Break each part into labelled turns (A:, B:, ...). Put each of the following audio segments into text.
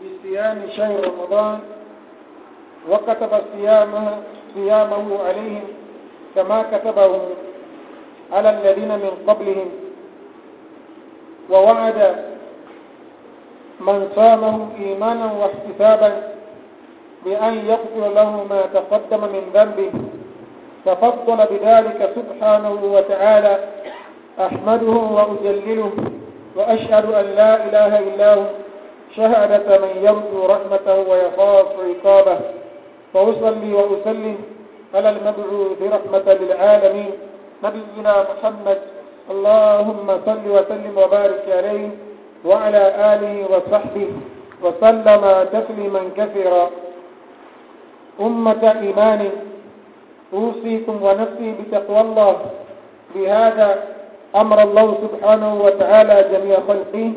A: بصيام شهر رمضان وكتب صيامه صيامه عليهم كما كتبه على الذين من قبلهم ووعد من صامه إيمانا واحتسابا بأن يغفر له ما تقدم من ذنبه ففضل بذلك سبحانه وتعالى أحمده وأجلله وأشهد أن لا إله إلا هو شهادة من يرجو رحمته ويخاف عقابه فأصلي وأسلم على المبعوث رحمة للعالمين نبينا محمد اللهم صل وسلم وبارك عليه وعلى آله وصحبه وسلم تسليما كثيرا أمة إيمانه أوصيكم ونفسي بتقوى الله بهذا أمر الله سبحانه وتعالى جميع خلقه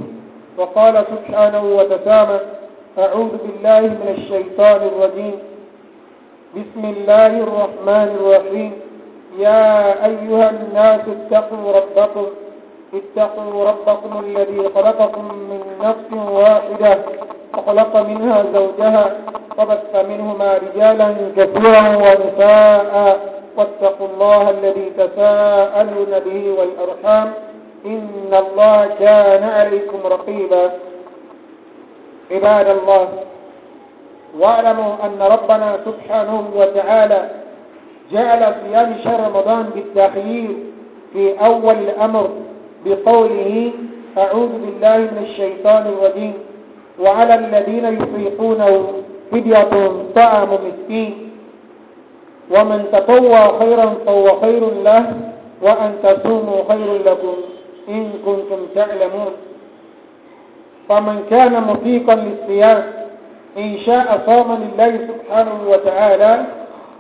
A: وقال سبحانه وتسامى أعوذ بالله من الشيطان الرجيم بسم الله الرحمن الرحيم يا أيها الناس اتقوا ربكم اتقوا ربكم الذي خلقكم من نفس واحدة وخلق منها زوجها طبث منهما رجالا كثيرا ونساء واتقوا الله الذي تساءلون به والأرحام إن الله كان عليكم رقيبا عباد الله واعلموا أن ربنا سبحانه وتعالى جعل صيام شهر رمضان بالتخيير في أول الأمر بقوله أعوذ بالله من الشيطان الرجيم وعلى الذين يطيقونه فدية طعام مسكين ومن تطوى خيرا فهو خير له وأن تصوموا خير لكم إن كنتم تعلمون فمن كان مطيقا للصيام إن شاء صام لله سبحانه وتعالى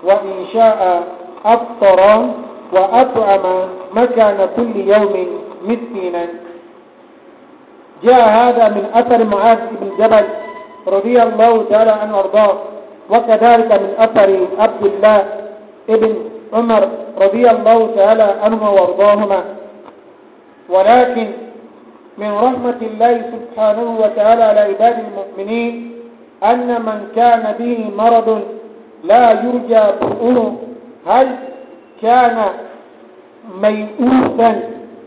A: وإن شاء أفطر وأطعم مكان كل يوم مسكينا جاء هذا من أثر معاذ بن جبل رضي الله تعالى عنه وارضاه وكذلك من أثر عبد الله ابن عمر رضي الله تعالى عنه وارضاهما ولكن من رحمة الله سبحانه وتعالى على عباد المؤمنين أن من كان به مرض لا يرجى برؤه هل كان ميؤوسا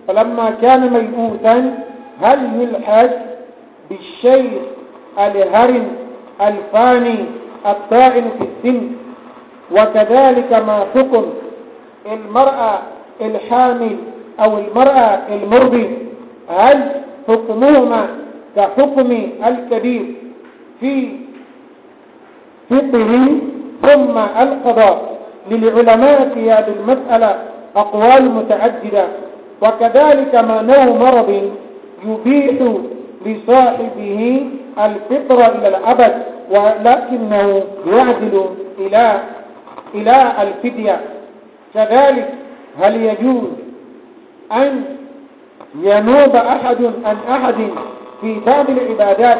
A: فلما كان ميؤوسا هل يلحج بالشيخ الهرم الفاني الطائن في السن وكذلك ما حكم المرأة الحامل أو المرأة المرضي هل حكمهما كحكم الكبير في فقه ثم القضاء للعلماء في هذه المسألة أقوال متعددة وكذلك ما نوع مرض يبيح لصاحبه الفطرة إلى الأبد ولكنه يعدل إلى إلى الفدية كذلك هل يجوز أن ينوب أحد عن أحد في باب العبادات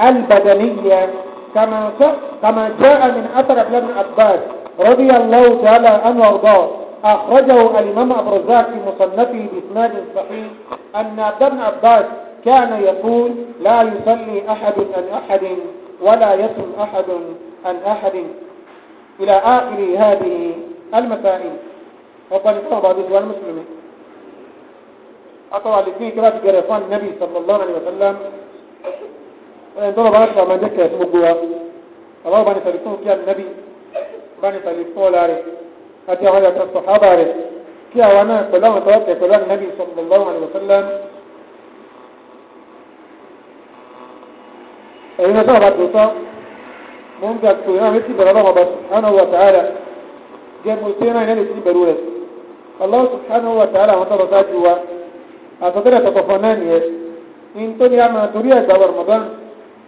A: البدنية كما كما جاء من أثر ابن عباس رضي الله تعالى عنه وارضاه أخرجه الإمام أبو الرزاق في مصنفه بإسناد صحيح أن ابن عباس كان يقول لا يصلي أحد عن أحد ولا يصل أحد عن أحد إلى آخر هذه المسائل وقد بعض هذه المسلمين أطلع لكي كرات قرفان النبي صلى الله عليه وسلم وإن ضرب عشرة ما ذكر اسم الجواب الله بني سلسون كيا النبي بني سلسون لاري أتي على الصحابة لاري كيا وانا كلهم توقع كلام النبي صلى الله عليه وسلم ẹ̀yin ọjọ́ ọba tòótọ́ mo ń gbà tó náà létí ìbẹ̀rù ọlọ́run ọba subhanahu wa ta'ala jẹ́ mo ṣe náà ìyẹn létí ìbẹ̀rù rẹ̀ Allah subhanahu wa ta'ala àwọn tọrọ sáájú wa àtọ́tẹ́rẹ̀ tọkọ̀fọ́ náà nìyẹn ní tó ní a máa torí ẹ̀gbà wà Ramadan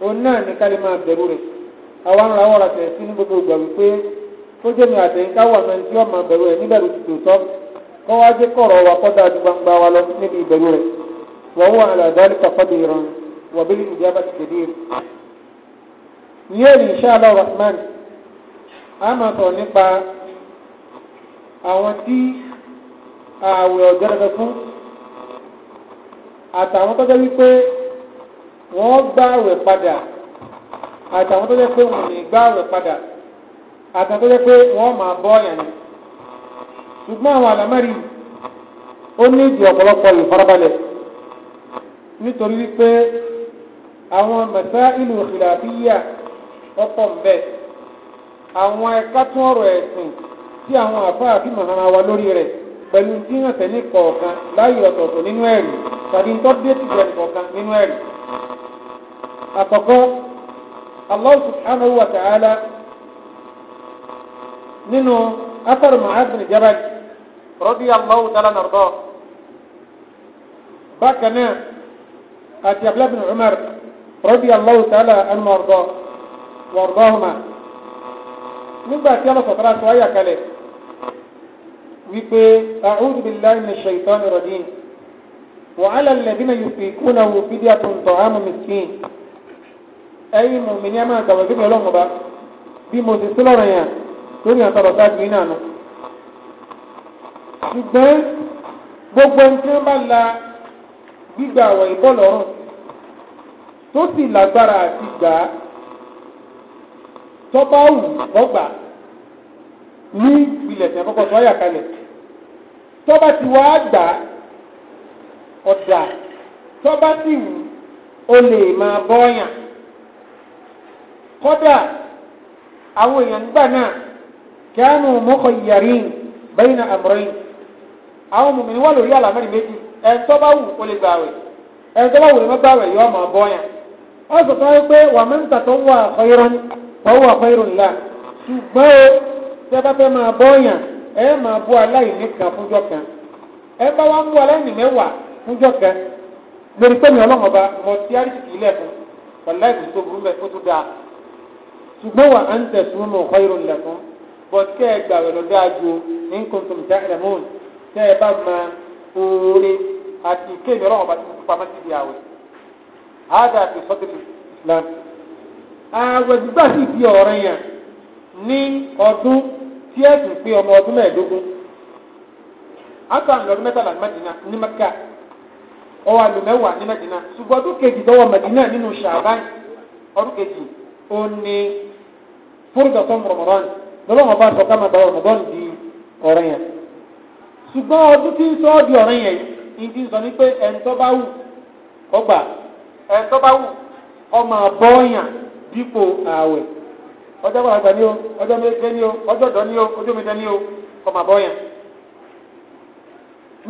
A: òun náà ní kárí máa bẹ̀rù rẹ̀ àwa ń rawọ́ ràtẹ̀ sí ní gbogbo ìgbà wípé wọ́n máa kọ̀rọ̀ wa kọ́dà gbangba wa lọ níbi ìbẹ̀rù rẹ̀ wọ́n wà àlàdá ní kàfọ́dé ìran wọ̀bí ìjábá ti tẹ̀lé ní èyí inshallah rahman a máa sọ̀rọ̀ nípa àwọn tí ààwẹ̀ ọ̀gẹ́rẹ́fẹ́ fún àtàwọn tó jẹ́ wípé wọ́n gbá ààwẹ̀ padà àtàwọn tó jẹ́ pé wọ́n ní gbá ààwẹ̀ padà àtàwọn tó jẹ́ pé wọ́n máa bọ́ ọ̀yàn ni ṣùgbọ́n àwọn àlámẹ́rì ó ní ìdí ọ̀pọ̀lọpọ̀ ìfarabalẹ̀ nítorí wípé àwọn mẹ̀sá ìlú ìlàbíyà ọ̀pọ̀ mbẹ́ àwọn ẹ̀ka tún ọ̀rọ̀ ẹ̀sìn tí àwọn àfáà fi mọ̀ ara wa lórí rẹ̀ pẹ̀lú tí wọ́n tẹ̀ ní kọ̀ọ̀kan láyé ọ̀tọ̀ọ̀tọ̀ nínú ẹ̀rí tàbí tó dé ti bẹ̀rẹ̀ kọ̀ọ̀kan eru tabi to de ti je kookan ninu eru akoko Allah subhanahu wa ta'ala nínú afar Mu'adh bin Jabal radiyallahu ta'ala nàrọ̀ bákan náà àti abúlé bin Umar radiyallahu ta'ala anhu nàrọ̀ wọ̀rọ̀dọ́hùnmá nígbà tí ọlọ́sọ̀ tọ́lá tó wáyà kalẹ̀ wípé àhúdù bí láì ní ṣèyítọ́ ní rọ̀dín wàhálà lẹ́dínà yóò fi kúnà wò fídí àtúntọ̀ àmú mìsín ẹ̀yìn mọ̀mí ní àmà àgbàwọ̀ bíbí ọlọ́run ọba bí mo ti sí lọ́rọ̀ yẹn lórí àtọ̀rọ̀ sáàkiri ṣùgbọ́n gbogbo ẹni tí wọ́n bá la gbígbà àwọ̀ ìbọ̀lọ́rùn tó sì lágbára àti gbà tọ́ba wù lọ́gbà ní ìpìlẹ̀ tẹ̀ kọ́kọ́ tó wáyà kalẹ̀ tọ́ba ti wá gbà ọ̀dà tọ́ba sì wù ó lè máa bọ́ọ̀yàn kọ́dà àwọn èèyàn nígbà náà kíánù mọ́kọ̀ yàrin bẹ́yìn náà àmọ́rin àwọn mùmìnir wà lórí àlàmọ́rì méjì ẹ̀ tọ́ba wù ó lè gbà wẹ̀ ẹ̀ tọ́ba wù lè má gbà wẹ̀ yọ ọmọ bọ́ọ̀yàn ọ̀sọ̀ tó wáyé pé tó wà ọ̀yẹ́rán ọwọ́ àpẹẹrù ńlá ṣùgbọ́n o tẹ́ bá fẹ́ máa bọ́ọ̀yàn ẹ máa bú aláìní kan fúnjọ́ kan ẹ bá wá ń bú aláìní kan lórí pẹ́mi ọlọ́mọba mọ̀ tí àríṣìkì ilẹ̀ fún ọ̀la ìbùsọ̀ burú mẹ́ tó dáa ṣùgbọ́n wà á ń tẹ̀sùn ńlá fún kẹ́ ẹ gbà lọ dáa ju nǹkan tó ààwẹ̀ sì di ọ̀rẹ́ yẹn ní ọdún tí ẹ̀sìn pé ọmọ ọdún mẹ́ẹ̀ẹ́dógún àtàwọn ọdún mẹ́tàlá Mẹ́dínà ní Mẹ́kà ọwọ́ àlù mẹ́wàá ní Mẹ́dínà ṣùgbọ́n ọdún kejì tọwọ́ Mẹ́dínà nínú ṣàbáyé ọdún kejì ó ní lọ́wọ́ bá ọmọ bọ́ọ̀lù di ọ̀rẹ́ ṣùgbọ́n ọdún tí ń sọ ọ́ di ọ̀rẹ́ sọ ní pé ẹ̀ńtọ́ bá dípò ààwẹ̀ ọjọ́ gbàgbà ni o ọjọ́ méje ni o ọjọ́ ọ̀dọ́ ni o ọjọ́ méje ni o ọmọ àbọ̀yàn.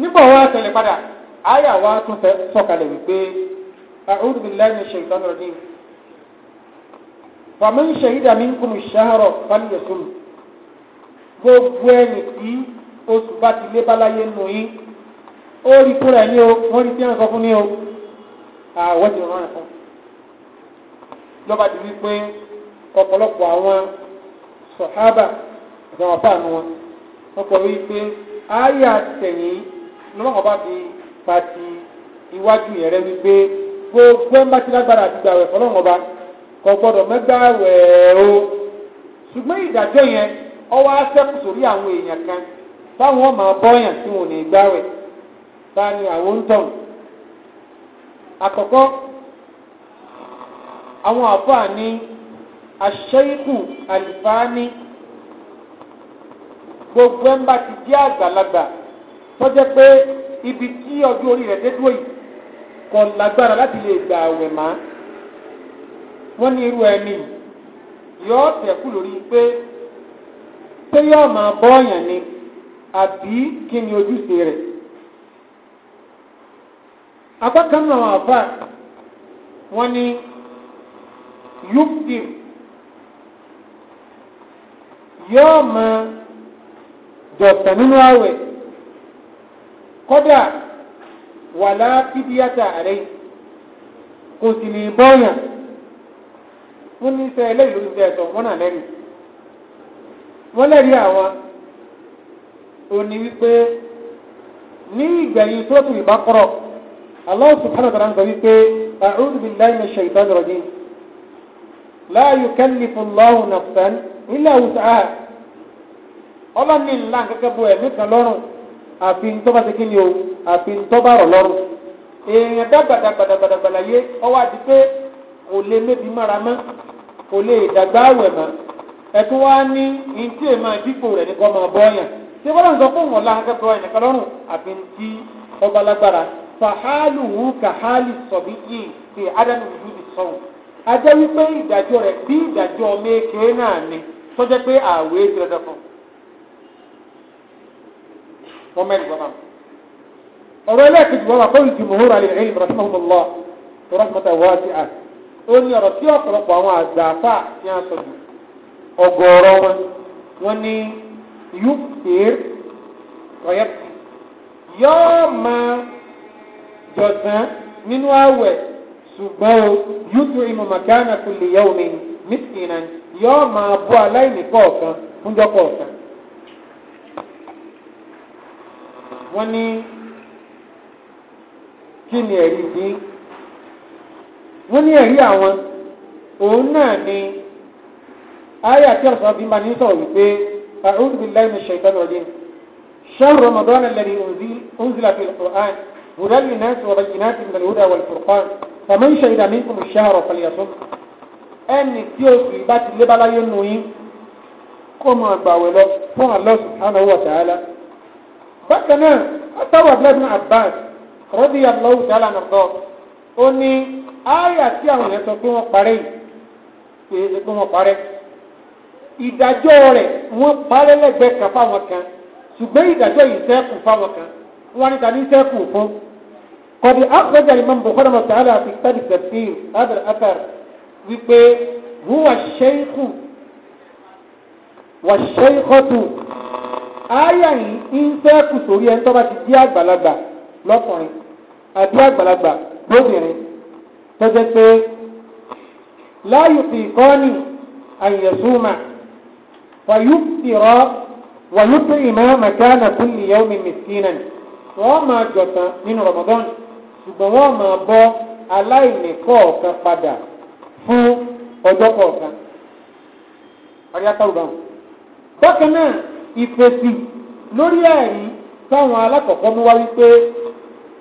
A: nígbà wa tẹ̀lé padà àyà wa tún fẹ́ sọ̀kalẹ̀ wípé a'udhu billahi minash shaitanir rajim. faman shahida minkum ash-shahra falyasum gbogbo ẹni tí oṣù bá ti lé báláyé nù yín ó rí fúnra ẹni o wọ́n rí fíhàn fún ni o àwọn ti rán ẹ̀ fún un. lọ́ba ti wí pé ọ̀pọ̀lọpọ̀ àwọn sọ̀hábà àtàwọn afáànù wọn wọ́n wí pé ayé àtẹ̀yìn lọ́wọ́ bá gbogbo ẹ̀ ń bá ti lágbára àti gbàwẹ̀ fọlọ́wọ́n ọba kò gbọ́dọ̀ mẹ́gbàwẹ̀ o ṣùgbọ́n ìdájọ́ yẹn ọwọ́ asẹ́kù sórí àwọn èèyàn kan táwọn ọmọ abọ́yàn tí wọn ò ní gbàwẹ̀ àwọn àfáà ní aṣẹ́ikù àlìfáàní gbogbo ẹ̀ ń bá ti jẹ́ àgbàlagbà tó jẹ́ pé ibi tí ọjọ́ orí rẹ̀ dé dúró yìí kò lágbára láti lè gbà àwẹ̀ má wọ́n ní irú ẹni yọ tẹ̀kù lórí pé pé yóò máa bọ́ọ̀yàn ni àbí kí ni ojúṣe rẹ̀ apá kan náà àfáà wọ́n ní yúfdìm yóò mọ dọ̀tà nínú àwẹ̀ kódà wàlá fídíátà rẹ̀
B: kò sì ní bọ́yàn
A: wọ́n ní sẹ́ ẹlẹ́yìn ló ń fẹ́ ẹ̀tọ́ wọ́n náà lẹ́nu wọ́n lẹ́rìí àwọn òní wípé ní ìgbẹ̀yìn tó tún ìbá kọ́rọ̀ Allah subhanahu wa ń sọ wípé a'udhu billahi minash shaitanir rajim la yukallifu Allahu nafsan illa wus'aha ọlọ́run ní ńlá kẹ́kẹ́ bu ẹ̀mí kan lọ́rùn àfi ntọ́ba ṣe kí ni o àfi ntọ́ba rọ̀ lọ́rùn èèyàn dá gbàdàgbàdàgbàdàgbàdà yé ọwọ́ àti pé kò lè mébi mára mọ́ kò lè dàgbà àwẹ̀ mọ́ ẹ̀tún wá ní ntí ẹ̀ máa dípò rẹ̀ ní kọ́ máa bọ́ yàn ṣé wọ́n lọ́n sọ fún wọn láhàn kẹ́kọ̀ọ́ ẹ̀ nìkan lọ́rùn àfi ntí ọba lágbára fàhálùwù kàhálì sọ̀bí yìí ṣe ádámù ìlú ìsọ̀rùn ajẹ́ wípé ìdájọ́ rẹ̀ bí ìdájọ́ náà ni tó jẹ́ pé ààwẹ̀ ti rẹ̀ fún wọn mẹ́rin bọ́ máa ọ̀rọ̀ ẹlẹ́ẹ̀kejì wọn máa kọ́yìn jùmọ̀ hóra lè rìn rahmanullah rahmatan wasi'a ó ní ọ̀rọ̀ tí ọ̀pọ̀lọpọ̀ àwọn ní wọn wọn ọ̀yẹ́pì máa jọ̀sán nínú àwẹ̀ ṣùgbọ́n o yútu inú màkánà kò lè yẹ omi mísìnà yóò máa bọ́ aláìní kọ̀ọ̀kan fúnjọ́ kọ̀ọ̀kan. wọ́n ní kí ni ẹ̀rí bí? wọ́n ní ẹ̀rí àwọn òun náà ni ayé àti ọ̀sán bí máa ní sọ̀rọ̀ wípé أعوذ بالله من الشيطان الرجيم شهر رمضان الذي أنزل في القرآن هدى للناس وبينات من الهدى والفرقان ọ̀mọ́n ṣẹ̀yìn àmì kùmù ṣẹ́hàrọ̀ pẹ̀lẹ́yàtọ̀ ẹni tí oṣù yìí bá ti lé báláyé nù yín kó máa gbàwẹ̀ lọ fún Allah subhanahu wa ta'ala. bákan náà àtàwọn abúlé Abbas radiyallahu ta'ala nàbọ̀ ó ní àyà tí àwọn èèyàn pé wọ́n parẹ́ pé wọ́n parẹ́ ìdájọ́ rẹ̀ wọ́n parẹ́ lẹ́gbẹ̀ẹ́ kan fáwọn kan ṣùgbọ́n ìdájọ́ yìí sẹ́kù fáwọn kan wọ́n ní ta ní sẹ́kù fún قد أخرج الإمام بخاري وتعالى في كتاب التفسير هذا الأثر wípé huwa ṣeikhu wa ṣeikhotu aya yìí ń fẹ́ kù sórí ẹni tó bá ti di àgbàlagbà lọ́kùnrin àbí àgbàlagbà lóbìnrin tó jẹ́ pé láàyò fi kọ́ni àyẹ̀sùmà wàyúpìrọ́ wàyúpìrì máa màkánà kúlì yẹ́wùmí mìsínà wọ́n máa jọ̀tàn nínú Ramadan. ṣùgbọ́n wọ́n máa bọ́ aláìní kọ̀ọ̀kan padà fún ọjọ́ kọ̀ọ̀kan. Àríyátàwùbá. Bákan náà, ìfèsì lórí ẹ̀rí táwọn alákọ̀ọ́kọ́ mú wá wípé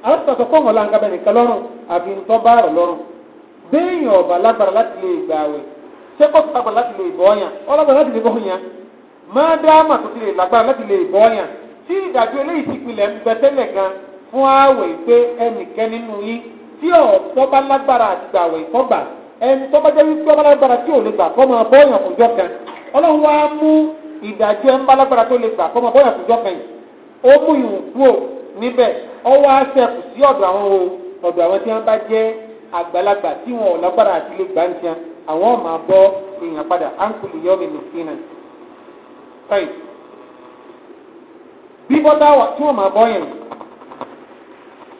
A: alákọ̀ọ́kọ́ wọn láǹkà nìkan lọ́rùn àfi ń tọ́ bá rẹ̀ lọ́rùn. Béèyàn ọ̀bà lágbára láti lè gbà àwẹ̀. Ṣé kọ́sì lágbára láti lè bọ́ ọ̀yàn? Ọlọ́gbàrá láti lè bọ́ ọ̀yàn. Máa dá àmà tó ti lè lágbára láti lè bọ́ ọ̀yàn. Tí eléyìí ti pinlẹ̀ ń bẹ tẹ́lẹ̀ gan-an fún àwẹ̀ pé ẹnìkan nínú yín tí ọ̀pọ̀ bá lágbára ìfọ́gbà ẹni tó bá jẹ́ tí ò lè gbà kọ́ máa bọ́ọ̀yàn fún kan ọlọ́run wá mú ìdájọ́ lágbára tó lè gbà kan yìí ó mú ìwọ̀n níbẹ̀ ọwọ́ aṣẹ́kù sí ọ̀dọ̀ àwọn o ọ̀dọ̀ àwọn tí wọ́n bá jẹ́ àgbàlagbà tí wọn ò lágbára àti lè gbà ń tiẹ̀ àwọn bọ́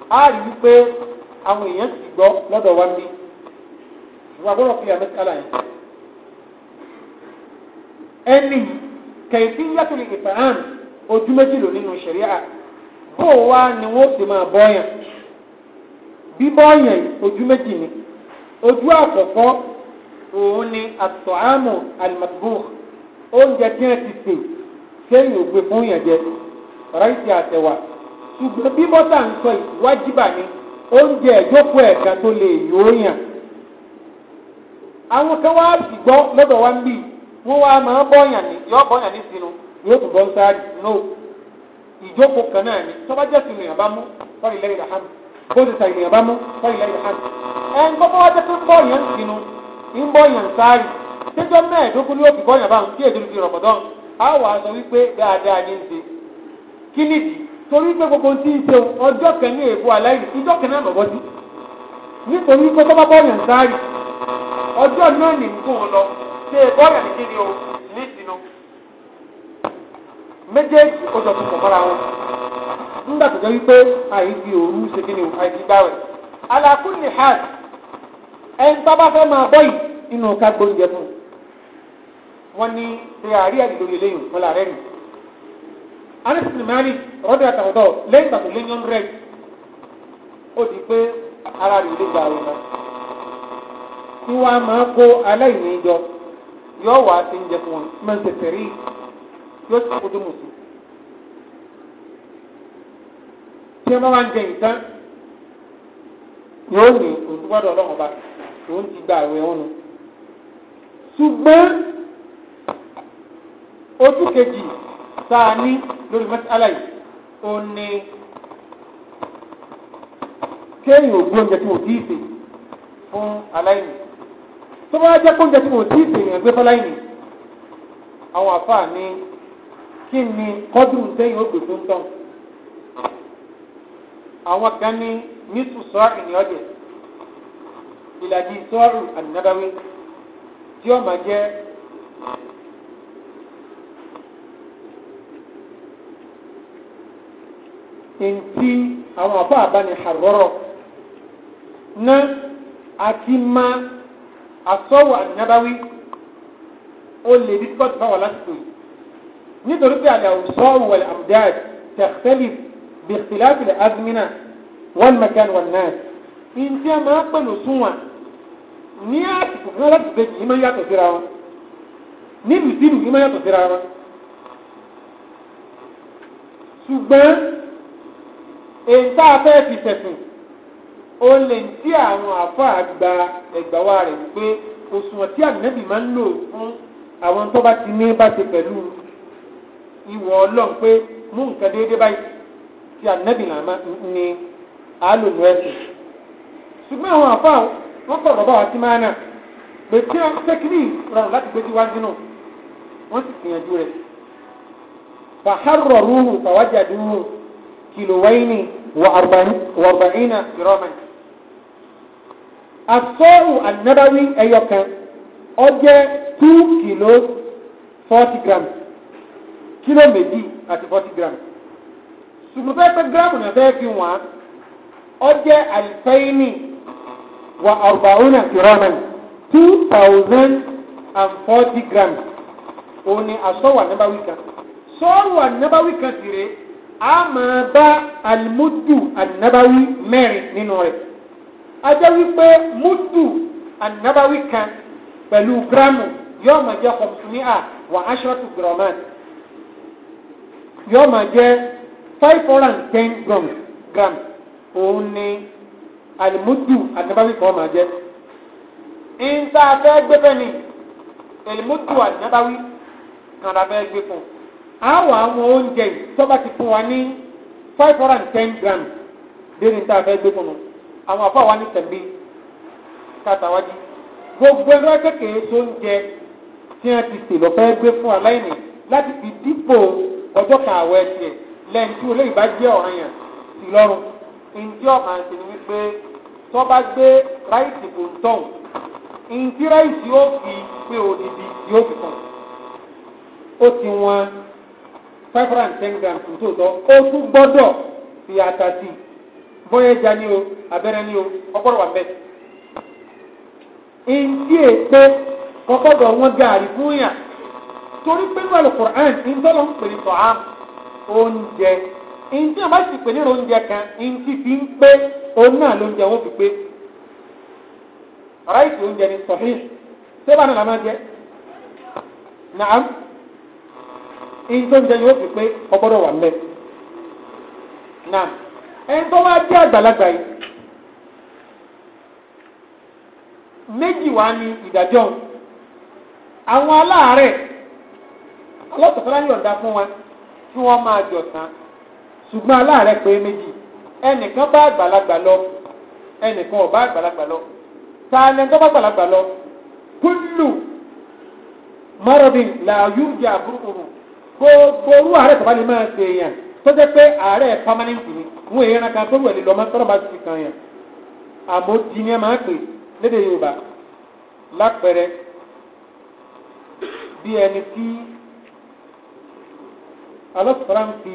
A: á rí i pé àwọn èèyàn sì gbọ́ lọ́dọ̀ wa ní ìwà gbọ́dọ̀ fi àmẹ́síkálà yẹn. ẹni kẹ̀sí yàtọ̀ lè ìfẹ́ hàn ojú méjì lò nínú ṣẹ̀ríà bó wa ni wọ́n sì máa bọ́yàn bíbọ́yàn ojú méjì ni ojú àkọ́kọ́ òun ni àtọ̀hámù alimadubur oúnjẹ tí wọ́n ti sè séyìn ògbé fún yẹn jẹ ráìsì àtẹwà ṣùgbọ́n bí bọ́tà ń sọ ìwájibà ni oúnjẹ ìjókòó ẹ̀ka tó lè yóòyàn àwọn kan wá sì gbọ́ lọ́dọ̀ wá ń bì wọ́n wá máa bọ́yàn ní yọ bọ́yàn ní sínú yóò tún bọ́ sáájú no ìjókòó kan náà ni tọ́ba jẹ́ sínú ìyàbá mú sọ́ọ̀rì lẹ́yìn ìdàhánu bó ti sàyìn ìyàbá mú sọ́ọ̀rì lẹ́yìn ìdàhánu ẹ̀ ń kọ́kọ́ wá jẹ́ pé bọ́yàn sínú ń bọ́yàn sáájú tẹ́jọ́ mẹ́ẹ̀ẹ́dógún ni ó fi bọ́yàn báwọn kí èdè lùfi rọ̀bọ̀dọ́n á wà sọ wípé dáadáa ní ń ṣe torí pé gbogbo tí ì ṣe ọjọ́ kẹ́ni èèpo aláìní ìjọ kẹ́ni ànàbọ́ sí nítorí pé tó bọ́ọ̀lù ń sáré ọjọ́ náà ní nǹkan lọ ṣe bọ́ọ̀lù ní kíni o ní ìsinú méjèèjì ó sọ fún mọ́ra wọn nígbà tó jẹ́ wípé àìsí òru ṣe kíni o àìsí gbáwẹ̀ alákùnrin hàn ẹni tó fẹ́ máa bọ́ yìí inú ká gbóúnjẹ fún un wọ́n ní ṣe eléyìí Anas bin Malik àtàwọ̀dọ̀ lẹ́yìn ìgbà tó lé yọ́n rẹ̀ ó di pé ara rẹ̀ lè gba àwọn ọmọ tí máa kó aláìní jọ yóò wá sí oúnjẹ fún wọn mẹ́tẹ̀ẹ̀tẹ̀rì yóò sì kó dùnmù sí. tí ń jẹ ìtàn yóò ní ọba ti gba nù. ṣùgbọ́n ojú kejì. tá a ní lórí mẹ́sàlá yìí ó ní kéèyàn ò gbóúnjẹ tí mo tí ì sè fún aláìní tó bá jẹ́ kóúnjẹ tí mo tí ì sè yẹn gbé fọláìní àwọn àfáà ní kí ni kọ́dùn sẹ́yìn ó gbè fún tán àwọn kan ní mísù sọ́ọ̀rì ní ọ̀jẹ̀ ìlàjì sọ́ọ̀rù ànínábáwí tí ó máa jẹ́ ntí àwọn afọ àbáni àrọrọ ná àti má asọ́wọ́ ànábáwí ó lè di tíkọ́tù fáwọn lásìkò yìí nítorí pé àlẹ́ àwùsọ́ wọlé àmdáàd tẹ̀sílì bìtìláàfì àzmínà wọn mẹkàn wọn náà ntí a máa pẹ̀lú ní àsìkò fún aláàtì bẹ́ẹ̀ yìí máa yàtọ̀ síra wọn ní ìdí nìyí máa yàtọ̀ síra wọn ṣùgbọ́n èyí tá a fẹ́ fi sẹ̀sìn ó lè ń tí àwọn àfáà gba ẹ̀gbà wa rẹ̀ wípé òṣùwọ̀n tí ànábì máa ń lò fún àwọn tó bá ti ní bá ti pẹ̀lú ìwọ̀ ọlọ́run pé mú nǹkan déédéé báyìí tí ànábì làmá ni àálòlù ẹ̀sìn ṣùgbọ́n àwọn àfáà wọ́n pọ̀ lọ́bọ̀ àti máa nà pé tí wọ́n fẹ́ kí ní ìrọ̀rùn láti gbé síwájú náà wọ́n sì gbìyànjú rẹ̀ fàhárọ̀ fàwájà dúró kìlò ni وأربعين جراما الصاع النبوي أيوكا أجا 2 كيلو 40 جرام كيلو مدي at 40 جرام سمتاتا جرام نباكي وان أجا ألفين وأربعون جراما 2040 جرام وني الصاع النبوي كان صاع النبوي كثيره a máa bá alimudu anabawi mẹ́rin nínú rẹ̀ a jẹ́ wípé mudu anabawi kan pẹ̀lú gíráàmù yóò máa jẹ́ kọ̀mùsùmíà wà áṣọ́tù gírọ̀mán yóò máa jẹ́ five hundred and ten gram òun ni alimudu anabawi kan máa jẹ́ ìta fẹ́ gbẹ́fẹ́ ni alimudu anabawi kan la fẹ́ gbé fún un àwọn àwọn oúnjẹ ìtọ́ba ti fún wa ní five hundred and ten grams lórí níta fẹ́ gbé fún un àwọn àfọ àwa ní tẹ̀lé kàtàwájú gbogbo ẹgbẹ́ kékeré tó ń jẹ tí wọ́n ti sè lọ fẹ́ gbé fún aláìní láti fi dípò ọjọ́ kan àwọ̀ ẹ̀sìn lẹ́yìn tí olóyìn bá jẹ́ ọ̀ràn yẹn sí lọ́rùn ìdí ọ̀mà ń sìn wípé tó bá gbé ráìsì kò ń tọ̀hún ìdí ráìsì yóò fi pé òdìdí yóò fi kàn ó ti wọn. five ten gram tó tọ́ ó tún gbọ́dọ̀ fi ata sí bóyá o abẹ́rẹ́ o ọgbọ́dọ̀ wà mbẹ́. ìdí èpè kọ́kọ́dọ̀ wọn gaari fún torí ń pè ní oúnjẹ ìdí àbá sì pè ní oúnjẹ kan ìdí fi ń pé òun náà lóúnjẹ wọn fi pé ráìtì oúnjẹ ni èyí tó ń fi pé ọgbọ́dọ̀ wà mẹ́. nà ẹni tó wá jẹ́ àgbàlagbà yìí méjì wá ní ìdájọ́ àwọn aláàárẹ̀ alọ́tọ̀tọ́lá yọ̀ǹda fún wa tí wọ́n máa jọ tán ṣùgbọ́n aláàárẹ̀ pé méjì ẹnìkan bá lọ ẹnìkan ò bá àgbàlagbà lọ ta ni ẹni tó bá àgbàlagbà lọ kúlù gbogbo orú ààrẹ tó bá lè máa ṣe èèyàn tó jẹ́ pé ààrẹ permanent ni wọn èèyàn kan tó wẹ̀ lè lọ́mọ tọ́rọ̀ bá ti kàn yàn àmọ́ di ni ẹ máa pè lédè Yorùbá lápẹẹrẹ bí ẹni tí alọ́sọ̀rọ̀ ń fi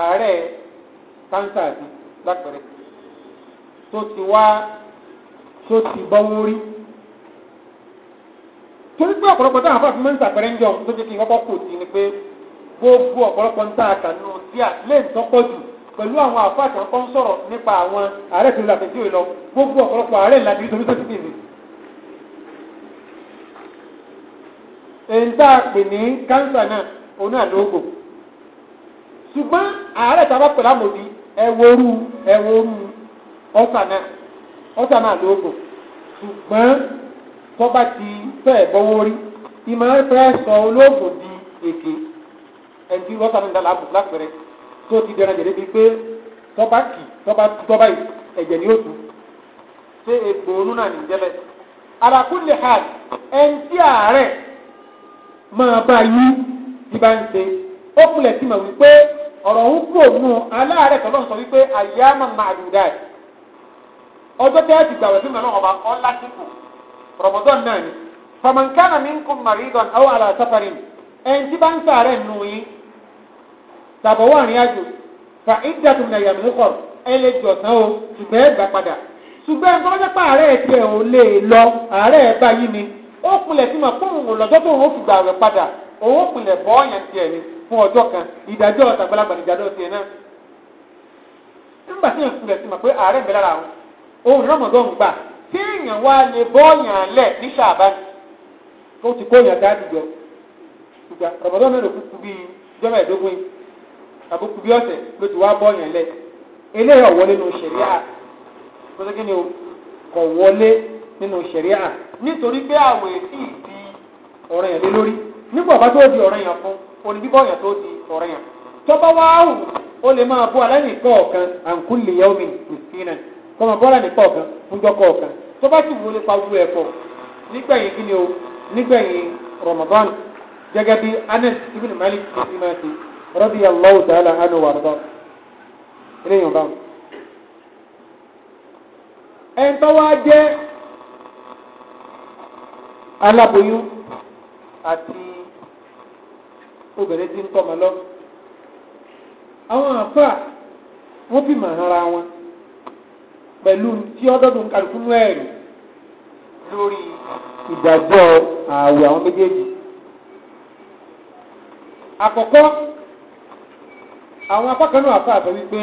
A: ààrẹ kánsà sí lápẹẹrẹ tó ti wá tó ti bọ́wọ́ rí torí pé ọ̀pọ̀lọpọ̀ táwọn afáàfin máa ń sàpẹrẹ ń jọ tó jẹ́ kí n kọ́kọ́ kò sí ni pé gbogbo ọ̀pọ̀lọpọ̀ ń tà àkànú sí à lẹ́yìn tó pọ̀ jù pẹ̀lú àwọn àfáàkì ọkọ̀ ń sọ̀rọ̀ nípa àwọn ààrẹ tó lọ àtẹ̀jú ìlọ gbogbo ọ̀pọ̀lọpọ̀ ààrẹ ìlànà ìtorí tó ti dì mí. èyí tá a pè ní kánsà náà oní àlóògbò ṣùgbọ́n ààrẹ tá a bá pè lámòdì ẹ̀wòrú ẹ̀wòrú ọ̀sà náà ọ̀sà náà àlóògbò ṣùgbọ́n tọ́ba ti fẹ́ bọ́wọ́ rí ìmọ̀ ẹ̀fẹ́ sọ olóògùn di èké ẹ̀ǹtí wọ́n sáré nígbàlá àbùkù lápẹ̀rẹ̀ tó ti dẹrẹ jẹ̀dẹ̀ bíi pé tọ́ba kì tọ́ba tọ́ba yìí ẹ̀jẹ̀ ni ó tu ṣé egbò onú náà nìjẹ́lẹ̀ àràkúnlẹ̀ hajj ẹ̀ǹtí ààrẹ máa bá yí ti bá ń ṣe ó kulẹ̀ sí ma wípé ọ̀rọ̀ ń kú òun aláàrẹ̀ tọ́lọ́ sọ wípé àyà máa máa dùn dáì ọjọ́ tẹ́ẹ̀ ti gbàwẹ̀ fún mi náà ọba ọ́ lásìkò Ramadan náà ni faman ala safarin ẹni tí bá ń sàárẹ̀ nù yín tàbọ̀ wà ní àjò o ṣùgbọ́n ẹ gbà padà ṣùgbọ́n tó jẹ́ pé àárẹ̀ tiẹ̀ ò lè lọ àárẹ̀ ẹ bá ni ó pinlẹ̀ tí mà lọ́jọ́ fi gbà kan ìdájọ́ náà nígbà tí pinlẹ̀ pé ń bẹ lára téèyàn wá lè bọ́ọ̀yàn lẹ̀ ní ṣàbáyé tó ti bọ́ọ̀yàn dáàbì jọ ìgbà rọ̀bọ̀dọ́ náà ló kúkú bíi jọ́mọ̀ ẹ̀dógún àbúkú bí ọ̀sẹ̀ ló ti wá bọ́ọ̀yàn lẹ̀ eléyà wọlé nínú ṣẹ̀ríà kí ni o kọ̀ wọlé nínú ṣẹ̀ríà nítorí pé àwọn èsì ti ọ̀rọ̀ yẹn lé lórí nígbà bá tó di ọ̀rọ̀ yẹn fún tó di ọ̀rọ̀ yẹn wá wù ó lè máa kọ́mọ bọ́lá ní kọ̀ọ̀kan fúnjọ́ kọ̀ọ̀kan tó bá sì wọlé nípa wú ẹ̀fọ́ nígbẹ̀yìn kí o nígbẹ̀yìn Ramadan gẹ́gẹ́ bí anes ibn Malik ti máa ti radiyallahu ta'ala anhu wà rọ́bà ẹn tó wá jẹ́ aláboyún àti obìnrin tí ń pẹ̀lú tí ọdọ́dún kàlùkùnú ẹ̀rù lórí ìdájọ́ ààwẹ̀ àwọn méjèèjì. Àkọ́kọ́, àwọn apákanú àfáà sọ wípé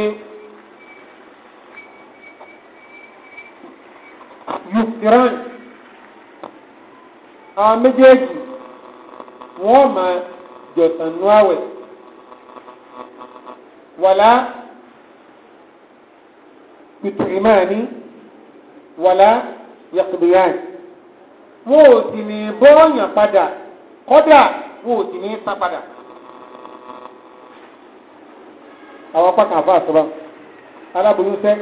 B: Yuftiran, àwọn méjèèjì wọ́n máa
A: jọ̀sán nú àwẹ̀. Wàlá bìtìrìmáàní wàlá yàtùbìyàn wọn ò sì ní bọ́ọ̀yàn padà kọ́dà wọn ò sì ní sá padà. àwọn apá kan àfa àsọ̀rọ̀ aláboyún sẹ́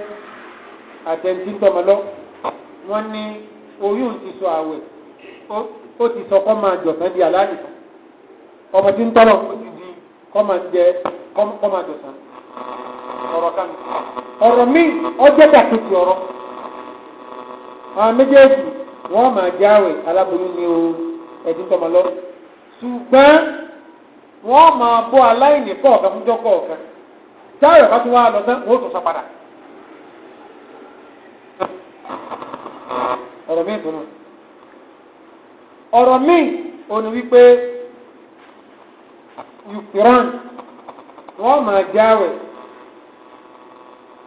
A: àtẹ̀ntì tọmọ lọ wọ́n ní oyún ti sọ àwẹ̀ ó ti sọ kọ́ máa jọ̀sán di aláàdìsán ọmọ tí ń tọ́lọ̀ ó ti di kọ́ máa jẹ kọ́ máa jọ̀sán ọ̀rọ̀ kan ọ̀rọ̀ míì ọjọ́ dàkejì ọ̀rọ̀ àwọn méjèèjì wọ́n máa jáwèé aláboyún ní o ẹ̀dín tọmọ lọ ṣùgbọ́n wọ́n máa bọ́ aláìní kọ̀ọ̀kan fúnjọ́ kọ̀ọ̀kan jáwèé bá tún wá lọ sẹ́n wọ́n tún sọ padà. ọ̀rọ̀ míì tún nù ọ̀rọ̀ míì ò ní wípé ukraine wọ́n máa jáwèé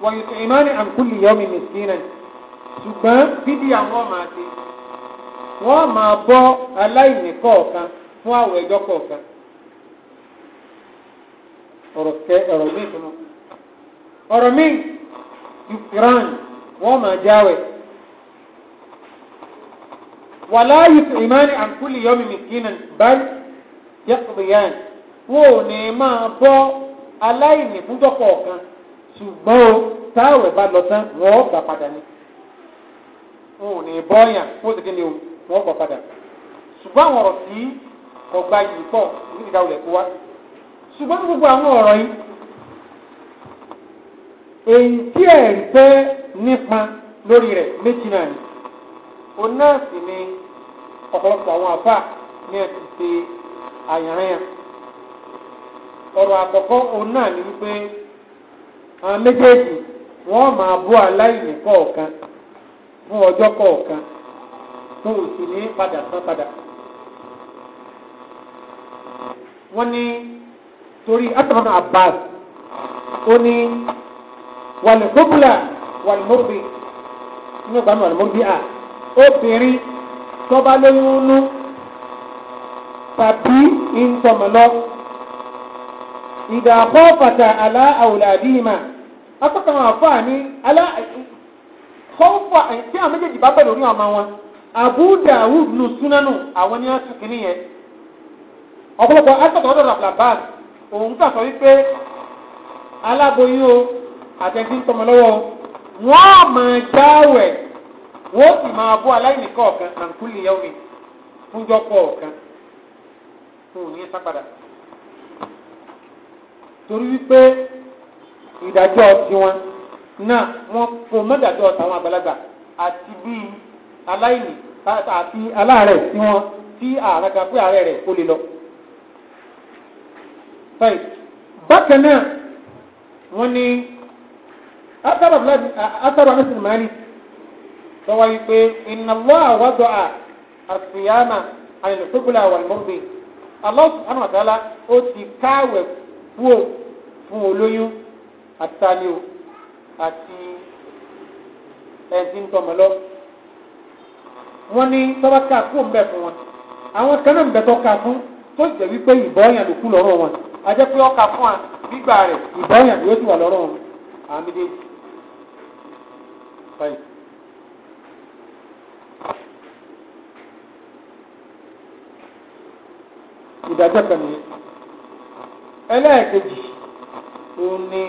A: wọ́n yóò tó ìmánì àǹkúlì yọ́mi mìsínà ṣùgbọ́n bídí àwọn
B: máa ṣe wọ́n
A: máa bọ́ aláìní kọ̀ọ̀kan fún àwọn ẹjọ́ kọ̀ọ̀kan ọ̀rọ̀ kẹ ọ̀rọ̀ míì tó mọ́ ọ̀rọ̀ míì ìfìràn wọ́n máa jáwẹ̀ wàlá yut'imani an kulli yawmin miskinan bal yaqdiyan wọn ò ní máa bọ́ aláìní fúnjọ́ kọ̀ọ̀kan ṣùgbọ́n o táwẹ̀ bá lọ tán wọ́n gbà padà ni wọn ò ní bọ́ọ̀yàn wọ́n ti kí ni o wọ́n gbà padà ṣùgbọ́n àwọn ọ̀rọ̀ tí ọgbà yìí pọ̀ ní ìdá olè kó wá ṣùgbọ́n gbogbo àwọn ọ̀rọ̀ yìí èyí tí ẹ̀ ń pẹ́ nípa lórí rẹ̀ méjì náà ni òun náà sì ni ọ̀pọ̀lọpọ̀ àwọn àbá ní ẹ̀ ti ṣe àyànrẹ́yàn ọ̀rọ̀ àkọ́kọ́ òun náà ni wípé àwọn méjèèjì wọ́n máa bọ́ aláìní kọ̀ọ̀kan fún ọjọ́ kọ̀ọ̀kan tó o sì ní padà san padà. wọ́n ní torí asọ̀rọ̀ Abbas ó ní wàlúkọ́bùlà wàlúmọ́bì nínú ìgbàanù wàlúmọ́bì à obìnrin tó bá lóyún nú tàbí ìntọ̀mọ̀lọ́ ìdàpọ̀ fàtà àlá àwòlàdìmọ̀. afọ àfáà ní alá kọ́ńfà tí a méjèèjì bá bẹ̀rẹ̀ orí ọmọ wọn Abu Dawud wọn tún kìíní yẹn ọ̀pọ̀lọpọ̀ asọ̀tọ̀ ọ̀dọ̀ Abbas òun kà sọ wípé aláboyún o àtẹ̀sí ń tọmọ wọn máa wọn sì máa aláìní àǹkúlì fún òun ní torí wípé ìdájọ́ tiwọn náà wọ́n fún mọ́dàjọ́ tàwọn àgbàlagbà àti bíi aláìní àti aláàárẹ̀ tí wọ́n tí àràgà pé ààrẹ rẹ̀ kó lè lọ. bákan náà wọ́n ní mẹ́sìn mẹ́rin pé iná lọ́ àwọ́dọ̀ ó ti fún àtàní o àti ẹ̀ǹtí ń tọmọ lọ. wọ́n ní tọ́ba ká fún òun bẹ̀ fún wọn àwọn kan náà ń bẹ̀tọ̀ ká fún tó jẹ́ wípé ìbọn yàn ló kú lọ́rọ̀ wọn ajẹ́ pé ọkà fún wa gbígbà rẹ̀ ìbọn yàn ló ti wà lọ́rọ̀ wọn àwọn méjèèjì. ìdájọ́ kan nìyẹn ẹlẹ́ẹ̀kejì òun ni.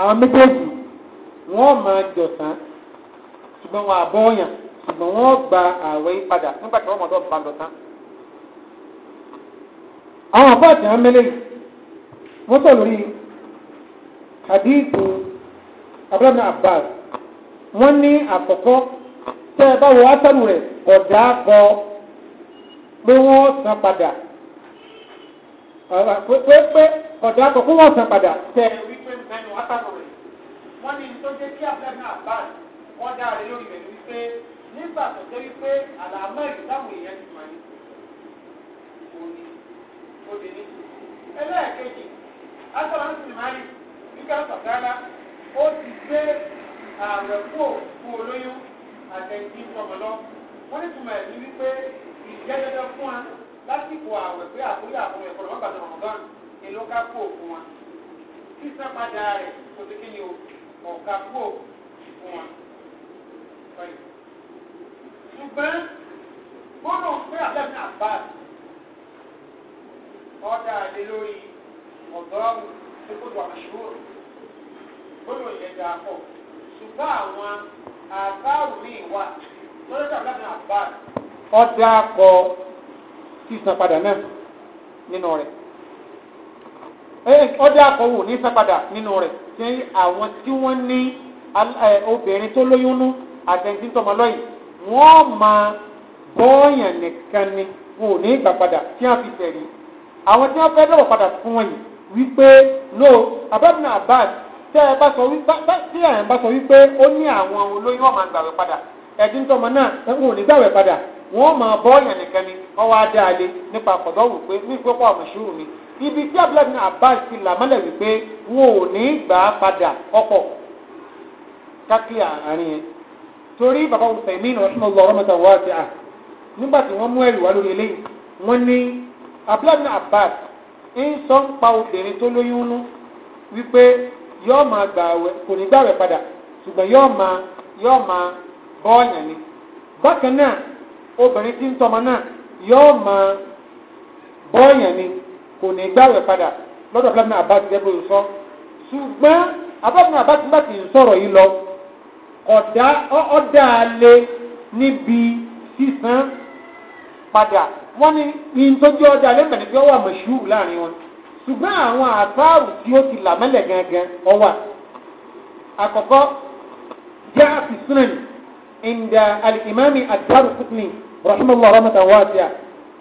A: àwọn méjèèjì wọ́n máa ṣùgbọ́n wọn àbọ̀ọ̀yàn ṣùgbọ́n wọ́n gba ààwẹ̀ padà nígbà tí wọ́n mọ̀ọ́dọ̀ bá jọ̀sán. àwọn àbọ̀ àti àwọn wọ́n tọ̀ lórí àdínkù abúlé Abbas wọ́n ní àkọ́kọ́ tẹ́ ẹ bá wọ átàlù rẹ̀ ọ̀dà kọ pé wọ́n san padà pátákòrè wọ́n ní tó jẹ́ kí abdulhamid abbas wọ́n dá rẹ lórí rẹ̀ wípé nígbà tó jẹ́ wípé àlàmọ́ ìlú táwọn èèyàn ti mọ̀ ní òní òde ní. ẹlẹ́ẹ̀kejì asọ́nà ń sìn máa rí nígbà sọ̀tàlá ó ti gbé ààrẹ kó fún olóyún àtẹ̀jí pọ̀mọ́lọ́ wọ́n ní túmọ̀ ẹ̀mí wípé ìjẹ́ dandan fún wa lásìkò ààwẹ̀ pé àkúrẹ́ àkúrẹ́ ìfọ̀rọ̀mọ́gbàdàn ọ̀gán ni ló ká kó fún wa sísan padà rẹ̀ kò sí kí ni o ọ̀ka kúò fún wa. ṣùgbọ́n gbọ́dọ̀ pé àbẹ́mi àbá ọ̀dà àdé lórí ọ̀dọ́rù tó gbọ́dọ̀ àṣùwò gbọ́dọ̀ yẹn dáa pọ̀ ṣùgbọ́n àwọn àbáwò míì wà lọ́dọ̀ àbẹ́mi àbá ọ̀dà akọ sísan padà náà nínú rẹ̀ ọdẹ akọwò ní sẹpadà nínú rẹ̀ tí àwọn tí wọ́n ní obìnrin tó lóyún nú àtẹnjí tọmọlọyìn wọ́n máa bọọyàn nìkan ni wọn ò ní gbà padà tí wọ́n fi tẹrí àwọn tí wọ́n fẹ́ẹ́ dọwọ padà fún wọn yìí wípé no abẹ́bùnà abad tí ẹ bá sọ wípé tí ẹ bá sọ wípé ó ní àwọn olóyún ọmọ àgbàwẹ̀ padà ẹ̀dín tọmọ náà wọn ò ní gbàwẹ̀ padà wọ́n máa bọ́ ọ̀yàn nìkan ni wọ́n wá dá a nípa àkọ́dọ́ wò ibi tí abdullahi bin abbas ti là mọ́lẹ̀ wípé wọn ò ní gbà á padà ọkọ̀ àárín yẹn torí bàbá ọ̀sẹ̀mí ní ọ̀sán ọlọ́rọ̀ mẹ́ta wá sí à nígbà tí wọ́n mú ẹ̀rù wá lórí eléyìí wọ́n ní abbas ń sọ ń pa obìnrin tó lóyún nú wípé yóò máa gbà wẹ̀ kò ní obìnrin tí ń tọmọ náà yóò mọ bọ́ọ̀yàn ni kò ní gbàwẹ̀ padà lọ́dọ̀ fúlàmì àbá ti dẹ́gbò sọ ṣùgbọ́n abáfúnà àbá ti bá ti ń sọ̀rọ̀ yìí lọ ọ̀dà ọ̀dà lé níbi sísan padà wọ́n ní in tó jẹ́ ọjà lẹ́mẹ̀ẹ́ níbi ọwọ́ àmọ̀ṣú láàrin wọn ṣùgbọ́n àwọn àtàrù tí ó ti là mẹ́lẹ̀ gangan ọwà àkọ́kọ́ jẹ́ àfisúnà ìndà alìkìmáàmì àtàrù kùtùnì rahimahullah rahmatan wasi'a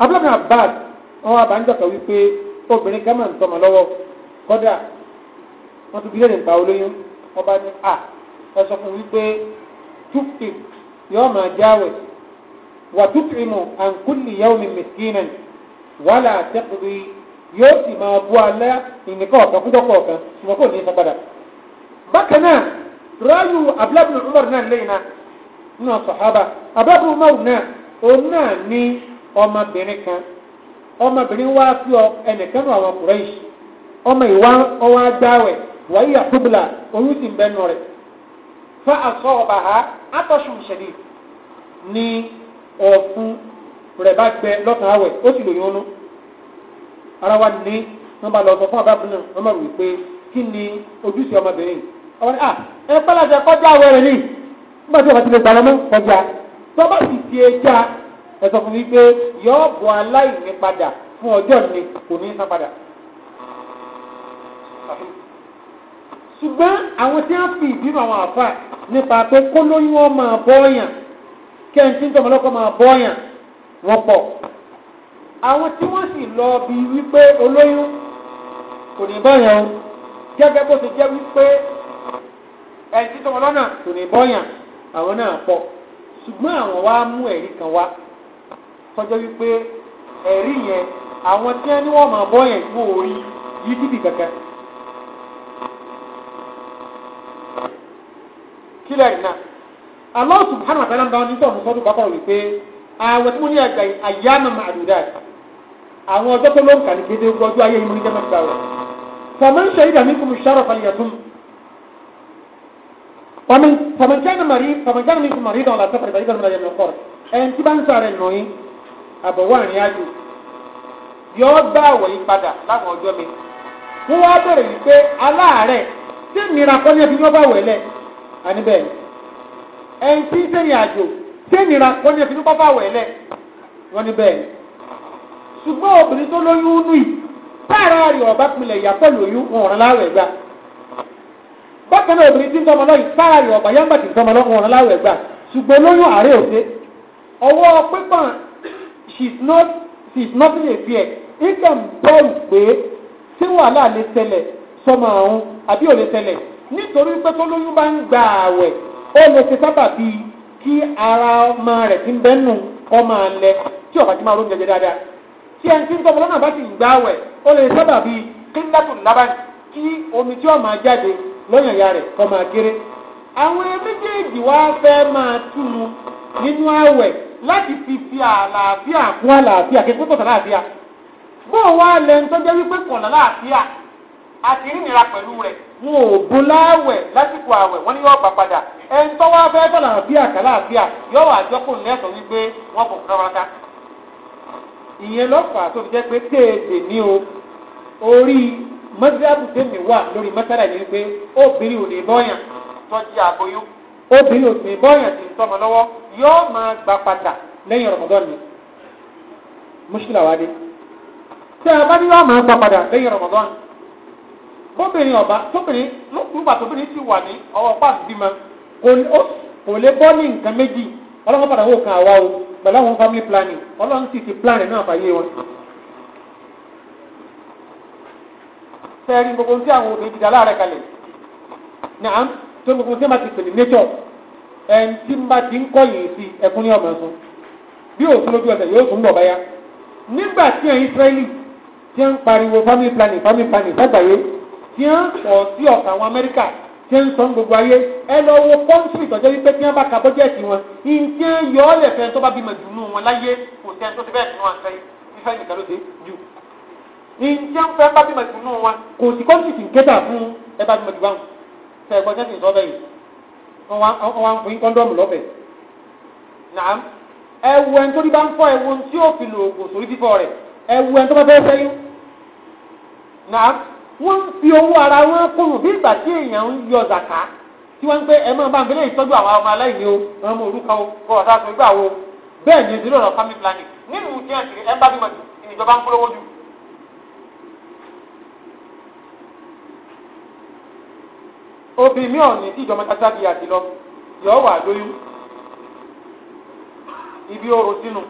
A: abúlọ́kàn abbas wọn abànjọ́kọ̀ wípé obìnrin kan máa ń tọmọ lọ́wọ́ kọ́dà wọn tún bílẹ̀ nípa olóyún ọba ní a ẹ sọ fún wípé tufti yóò máa jáwèé wà tut'imu an kulli yawmin miskinan wàhálà àtẹ́kùnrin yóò sì máa bú alẹ́ ìnìkan ọ̀kan fún dọ́kọ̀ ọ̀kan ṣùgbọ́n kò ní í san padà. bákan náà ráyù abúlọ́kàn umar náà lẹ́yìn náà nínú sàhábà abúlọ́kàn umar náà òun náà ní ọmọbìnrin kan ọmọbìnrin wá fi ọ ẹnìkan náà àwọn ọmọ ìwá ọwọ́ agbáwẹ̀ wàyí àtúbùlà oyún rẹ̀ fa àṣọ ọba ha atọ́sùn ṣẹ̀lẹ̀ ní ọ̀fun rẹ̀ bá ara wa ní bá lọ sọ fún náà bá pé kí ni ojúṣe ọmọbìnrin ọmọ ní ẹ pẹ́ tọ́ba sì fi ẹja ẹ̀sọ́ fún mi pé yọ̀ọ́ bọ̀ aláìní padà fún ọjọ́ mi kò ní í san padà. ṣùgbọ́n àwọn tí wọ́n fi ìbínú àwọn àfa nípa pé kó lóyún wọn máa bọ́ọ̀yàn kẹ́hìntì tọmọlọ́kọ máa bọ́ọ̀yàn wọ́n pọ̀ àwọn tí wọ́n sì lọ bí wípé olóyún kò ní bọ́ọ̀yàn o gẹ́gẹ́ bó ṣe jẹ́ wípé ẹ̀ǹtì tọmọlọ́nà kò ní bọ́ọ̀yàn àwọn náà pọ̀ ṣùgbọ́n àwọn wá mú ẹ̀rí kan wá tọ́jọ́ wípé ẹ̀rí yẹn àwọn tí wọ́n ní wọ́n máa bọ́ yẹn wò ó rí yí bíbì kankan. kílẹ̀ rìn náà Allah subhanahu wa ta'ala ń bá wọn nígbà mọ́sọ́dún bá kọ̀ọ̀ wípé àwọn tí mo ní àgbà àyà máa máa lù dáa àwọn ọjọ́ tó ló ń kà ní gbèdé ayé yìí mo ní jẹ́ máa gbà wọ̀. ṣe ìdàmí kùmù ṣàrọ̀ fàlìyàtún ومن فمن كان مريض فمن كان منكم مريضا ولا سفر فإذا من الأيام الأخرى ẹn tí bá ń sáré nù yín àbọ̀wọ́ àrìn àjò yóò gbá àwọ̀ yìí padà láwọn ọjọ́ mi wọ́n wá bẹ̀rẹ̀ wípé aláàárẹ̀ tí ìnira kọ́ ní ẹbí yóò bá wẹ̀lẹ̀ àníbẹ̀ ẹn tí sẹ́yìn àjò tí ìnira kọ́ ní ẹbí yóò bá wẹ̀lẹ̀ wọ́n níbẹ̀ ṣùgbọ́n obìnrin tó lóyún nù yìí táàrà rẹ̀ ọ̀bá pinlẹ̀ ìyá pẹ̀lú oyún wọn ò rán láwẹ̀ gbà bákan náà obìnrin tí ń tọmọ lọ́yìn sáàrì ọ̀pá yámbà tí ń tọmọ lọ́wọ́ wọn láwẹ̀ gbà ṣùgbọ́n lóyún àárẹ̀ òde ọwọ́ pípọ̀n she's not in a fear ìkà tí wàhálà lè tẹlẹ̀ sọmọ ọ̀hún àbí ò lè tẹlẹ̀ nítorí pé tó lóyún bá ń gba ó lè ṣe ara ọmọ rẹ̀ ti ń bẹ́nu tí ọ̀bà ti máa dáadáa tí ẹni tí ń tọmọ gba ó lè ṣe sábà kí ńlá tó lábàá kí lọ́yàn ìyá rẹ̀ kọ́ máa kéré àwọn méjèèjì wá fẹ́ máa túnu nínú àwẹ̀ láti fi fi àlàáfíà kún àlàáfíà kí pípọ̀ sàlàáfíà bó wá lẹ́nu tó jẹ́ wípé kọ̀ọ̀nà láàfíà àti ìrìnira pẹ̀lú rẹ̀ wọn ò bó láwẹ̀ lásìkò àwẹ̀ wọ́n ní yóò gbà padà ẹni tó wá fẹ́ bọ̀ làáfíà kàlàáfíà yóò wà lẹ́sọ̀ wípé wọ́n kò fún o mọ́síláàbù tèmi wà lórí mọ́sálà yìí pé obìnrin ò lè bọ́yàn tó jẹ́ aboyún obìnrin ò lè bọ́yàn tí ń tọ́mọ lọ́wọ́ yóò máa gba padà lẹ́yìn rọmọdọ́n ni mùsùlùmí wa dé tí a bá ní yóò máa gba padà lẹ́yìn rọmọdọ́n bóbìnrin ọba tóbìnrin lókùnbà tóbìnrin ti wà ní ọwọ́ pàṣípìmọ̀ kò lè bọ́ ní nǹkan méjì ọlọ́run padà wò kan àwa o pẹ̀lú àwọn family planning ọlọ́run sì ti plan rẹ̀ náà fàyè wọn. sẹ́ẹ̀rí gbogbo tí àwọn obìnrin ti dà láàrẹ̀ kalẹ̀ náà tó gbogbo tí wọ́n ti pè ní nature ẹn tí n bá ti ń kọ́ yìí sí ẹkún ní ọmọ ẹ̀sùn bí òsún lójú ẹsẹ̀ yóò tún bọ̀ báyá nígbà tí ẹ̀ Ísírẹ́lì tí ń pariwo family planning family planning sàgbáyé tí ń pọ̀ sí ọ̀sán àwọn Amẹ́ríkà tí ń sọ gbogbo ayé ẹ lọ wo kọ́ńtírì tọ́jọ́ wípé tí wọ́n bá ka bọ́jẹ́ẹ̀tì wọn ìǹtí yọ ọ́ lẹ̀fẹ́ tó bá bímọ jù nù wọn láyé kò tẹ́ tó ti bẹ́ẹ̀ tún wọn fẹ́ ìfẹ́ nìkan ló jù ìjẹ́ ń fẹ́ bá bímọ ìfún náà wa kò sí kọ́ńtìtì kẹta fún ẹ bá bímọ ìgbà fẹ́ ẹ̀kọ́ jẹ́ ìsọ bẹ́ẹ̀ wọ́n wá ń fún kọ́ńdọ́ọ̀mù lọ́bẹ̀ẹ́ náà ẹwu ẹni tó ní bá ń fọ ẹwu tí ó fi lò ògùn sórí fífọ rẹ̀ ẹwu ẹni tó bá fẹ́ sẹ́yìn náà wọ́n ń fi owó ara wọn kùnù bí ìgbà tí èèyàn ń yọ zàká tí wọ́n ń pé ẹ máa bá ń gbélé ìtọ́jú àwọn ọmọ aláìní o ọmọ òrùka o kọ ọ̀dà àtúgbà o bẹ́ẹ̀ ni ìjọba ń polówó jù obi mi ni ní tí ìjọba tata di àti lọ yọ wà lóyún ibi orò sínú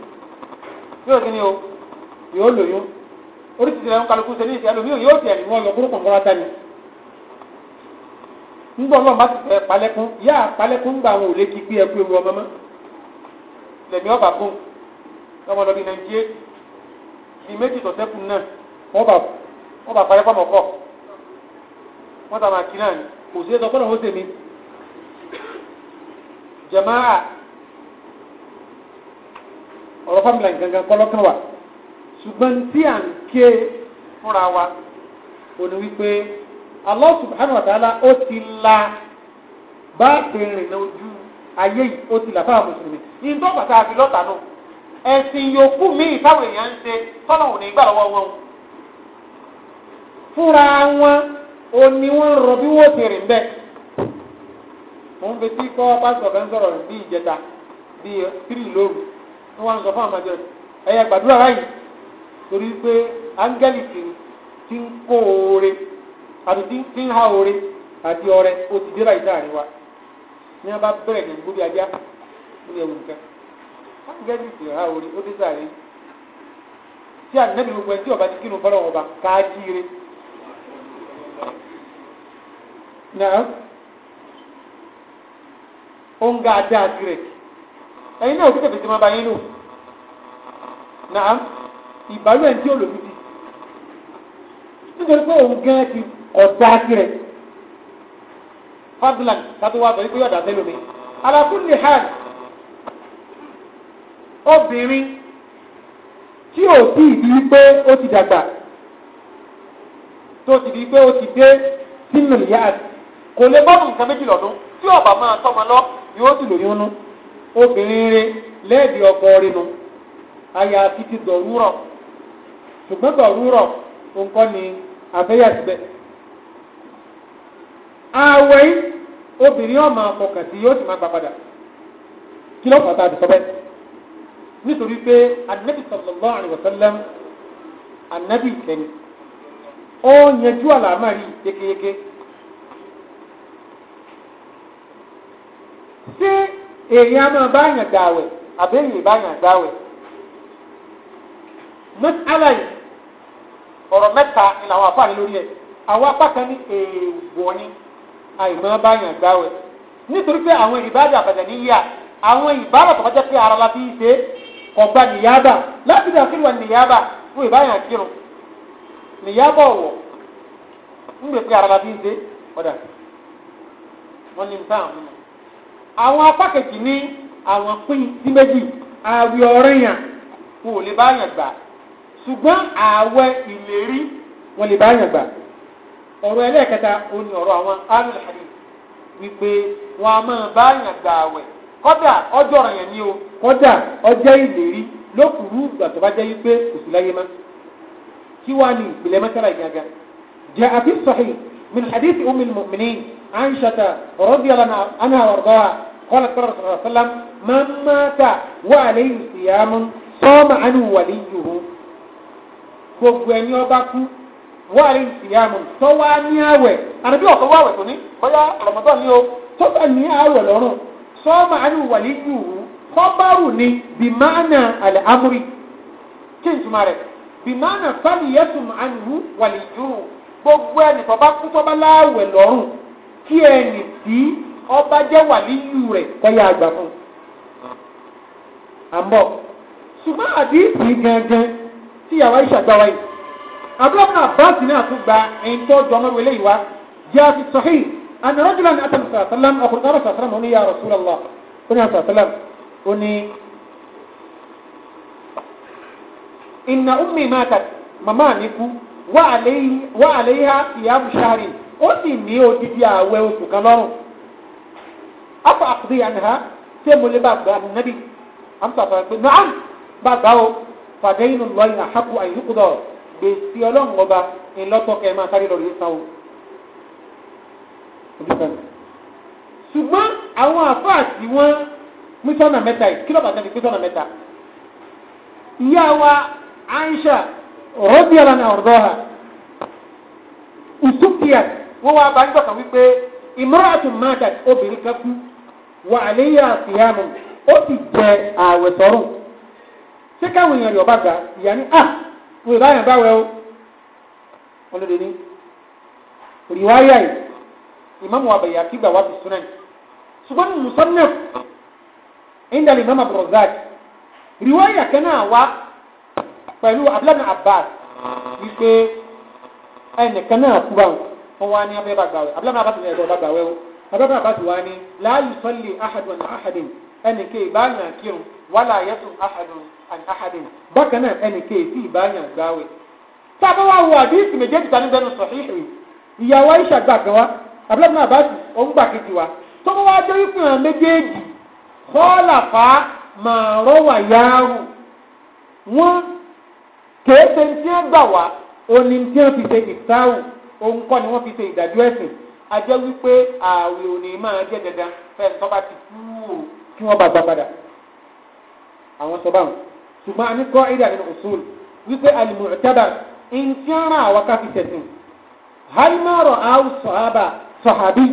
A: yóò kí ni o yóò lóyún oríṣiríṣi ẹ̀rọ kálukú ṣe ní ìṣẹ́ ẹlòmíì yóò tiẹ̀ ní wọn lọ kúrúkùn kọ́ra tani ńgbọ́n náà má ti fẹ́ palẹ́kún yá palẹ́kún gba àwọn òlé kí ẹkú ewu ọmọ mọ́ lẹ́mí ọba fún ọmọ nàìjíríà méjì náà palẹ́kún ọmọ kọ́ wọ́n máa kí kò sí ẹ̀sọ́ pọ́nà ó sèmi jẹ̀máà ọ̀rọ̀ fámìlà gangan kọ́lọ́kàn wà ṣùgbọ́n tí à ń ké fúnra wa ò ní wípé Allah subhanahu wa ta'ala ó ti la bá ìrìn náà ojú ayé yìí ó ti là fáwọn mùsùlùmí ní tó bàtà àfi lọ́tà náà ẹ̀sìn yòókù míì táwọn èèyàn ń ṣe tọ́lọ̀ òní ìgbà lọ́wọ́ wọn fúnra wọn ó ní wọ́n rọ bí wọ́n ti rìn bẹ́ẹ̀ mo ń fi kọ́ pásítọ̀ kan sọ̀rọ̀ bí ìjẹta bí tírì lóru wọ́n wá ń sọ fún àwọn ẹ̀yà gbàdúrà báyìí torí pé áńgẹ́lì ti ń kó oore àti ti ń ha oore àti ọrẹ ó ti dé báyìí sáàrin ní wọ́n bá bẹ̀rẹ̀ ní gbóbi ajá ó yẹ nǹkan áńgẹ́lì ti ha oore ó dé náà ó ń ga adá tirẹ̀ ẹ̀yin náà ò sí tẹ̀fẹ̀ tí wọ́n bá yín lò náà ìbálò ẹ̀ tí ó lò títí nítorí pé òun gan ti ọ̀dá tirẹ̀ fadlan kátó wá sọ wípé yọ̀dá sẹ́lómi alákùnlé hàn obìnrin tí ò tí ì di pé ó ti dàgbà tó ti di pé ó ti dé sínú ìyá àti kò lè bọ́ọ̀nù nǹkan méjì lọ́dún tí ọba máa tọ́mọ lọ yóò sì lóyún nú obìnrin rẹ lẹ́ẹ̀dì ọkọ rinu àyàfi ti dọ̀rúrọ̀ ṣùgbọ́n dọ̀rúrọ̀ nǹkan ni àfẹ́yàsíbẹ̀ ààwẹ̀ obìnrin ọmọ akọkàn tí yóò sì máa gbà padà kí ló pàtàkì sọ́bẹ̀ nítorí pé anabi sallallahu alaihi wasallam anabi ìkẹyìn ó yanjú àlàmárì yékéyéké. ṣé èèyàn máa báyàn gbààwẹ̀ àbẹ́yìn ìbáyàn gbààwẹ̀ mọ́sálà yìí ọ̀rọ̀ mẹ́ta ni làwọn afáàní lórí ẹ̀ àwọn apá kan ní èèwọ̀ ni àìmọ́ báyàn gbààwẹ̀ nítorí pé àwọn ìbádà àbàdàn níyà àwọn ìbára tó bá jẹ́ pé ara la fi ń ṣe ọgbà nìyábà láti dà kí wà nìyábà fún ìbáyàn kírun nìyábà ọ̀wọ̀ ń gbé pé ara la fi ṣe ọ̀dà
B: wọ́n ní nǹkan àmúnú
A: àwọn apá kejì ní àwọn pín sí méjì àwẹ̀ ọ̀rẹ́yàn wọn ò lè bá yàn gbà ṣùgbọ́n àwẹ̀ ìlérí wọn lè bá yàn gbà ọ̀rọ̀ ẹlẹ́ẹ̀kẹta ó ní ọ̀rọ̀ àwọn alùpàdé wípé wọn a máa bá yàn gbà àwẹ̀ kọ́dà ọjọ́ ọ̀rọ̀ yẹn ni o kọ́dà ọjọ́ ìlérí lókùrú ìgbà tó bá jẹ́ wípé kò sí láyé má kí wàá ní ìpìlẹ̀ mẹ́tàlá ìgangan jẹ́ àbí sọ̀hìn من حديث أم المؤمنين عائشة رضي الله عنها وارضاها قالت قال رسول الله صلى الله عليه وسلم من مات وعليه صيام صام عنه وليه gbogbo ẹni ọba kú wàhálì ìyàmù tó wá ní àwẹ̀ àdàbí ọ̀tọ̀ wá àwẹ̀ tó ní bóyá ọ̀rọ̀mọ́tọ́ ní o tó bá ní àwẹ̀ lọ́rùn sọ́ọ́mà àánú wàlí yùú kọ́bárù ni bìmánà àlẹ́ amúrí kí n túmọ̀ rẹ̀ bìmánà fàlìyẹ́tùmọ̀ àánú wàlí yùú gbogbo ẹni tó bá kú tó bá láàwẹ̀ lọ́rùn kí ẹni tí ọba jẹ́ wà níyù rẹ̀ kọ́yà àgbà fún un. àmọ́ ṣùgbọ́n àdìsí gangan tí yàrá ìṣàgbà wáyé abúlọ́kùnrin àbáàsì náà tún gba ẹni tó jọ ọmọ ìwélé ìwá jẹ́ àfi sọ́hìn àmì rọ́jùlá ní àtàlù sàtàlám ọkùnrin ọ̀rọ̀ sàtàlám ó ní yà Rasulullah ó ní àtàlám ó ní. inna ummi màmá mi kú wà a ìyàmù sáré ó sì ní odidi àwẹ̀ oṣù kan lọ́rùn afa ha ṣé mo lè bá gbà nàbí àmúpàpà pé náà bá gbà ó fàdé inú lọ ìnà àkú àyíkúdọ̀ gbèsè ọlọ́run ọba ìlọ́tọ̀ kẹ́ máa sáré lọ́rùn yìí sáwọ́ ṣùgbọ́n àwọn àfáà tí wọ́n mẹ́ta yìí kí bàtà wa Aisha rọ́bì ọ̀lànà ọ̀rọ̀ ha ìtúkìá wọ́n wá bá ń gbọ̀kan wípé ìmọ̀ràtún mátà obìnrin kan kú wà àléyà àfihàn ó sì jẹ ààwẹ̀ sọ́rùn ṣé káwọn èèyàn rẹ̀ ọba gbà ìyá ni à wọ́n ìbá yẹn báwẹ̀ o wọ́n lóde ní rìwáyà yìí ìmáàmù àbẹ̀yà kí gbà wá fi sunan ṣùgbọ́n musannaf indal imam abdulrazak pẹ̀lú abúlé abbas wípé ẹnìkan náà kú báwọn wọn wá ní abẹ́ bàgbàwẹ̀ abúlé abbas ní ẹ̀dọ̀ bàgbàwẹ̀ o abúlé abbas wá ní láàyè sọ́lé ahadun ahadin ẹnìkan ìbáyàn kírun wàlà yẹtùn ahadun ahadin bákan náà ẹnìkan èsì ìbáyàn gbáwẹ̀. sábà wà wọ àdìsí méjèèjì tani bẹnu sọ̀híhì ìyàwó aisha gbà kan wá abúlé abbas òun gbà kejì wá tó wá jẹ́ wípé méjèèjì kéèsè tí ń gbà wá òní tí wọ́n fi ṣe ìsáhùn òun kọ́ ni wọ́n fi ṣe ìdájọ́ ẹ̀sìn ajẹ́ wípé ààwẹ̀ òní máa jẹ́ dandan fẹ́ẹ̀ tó bá ti kú o kí wọ́n bá gbà padà àwọn sọ báwọn ṣùgbọ́n a ní kọ́ ìdí àdínà òṣùl wípé al-mu'tabar ń ń ràn àwọn káfí tẹ̀sìn hal ma ra'ahu sahaba sahabi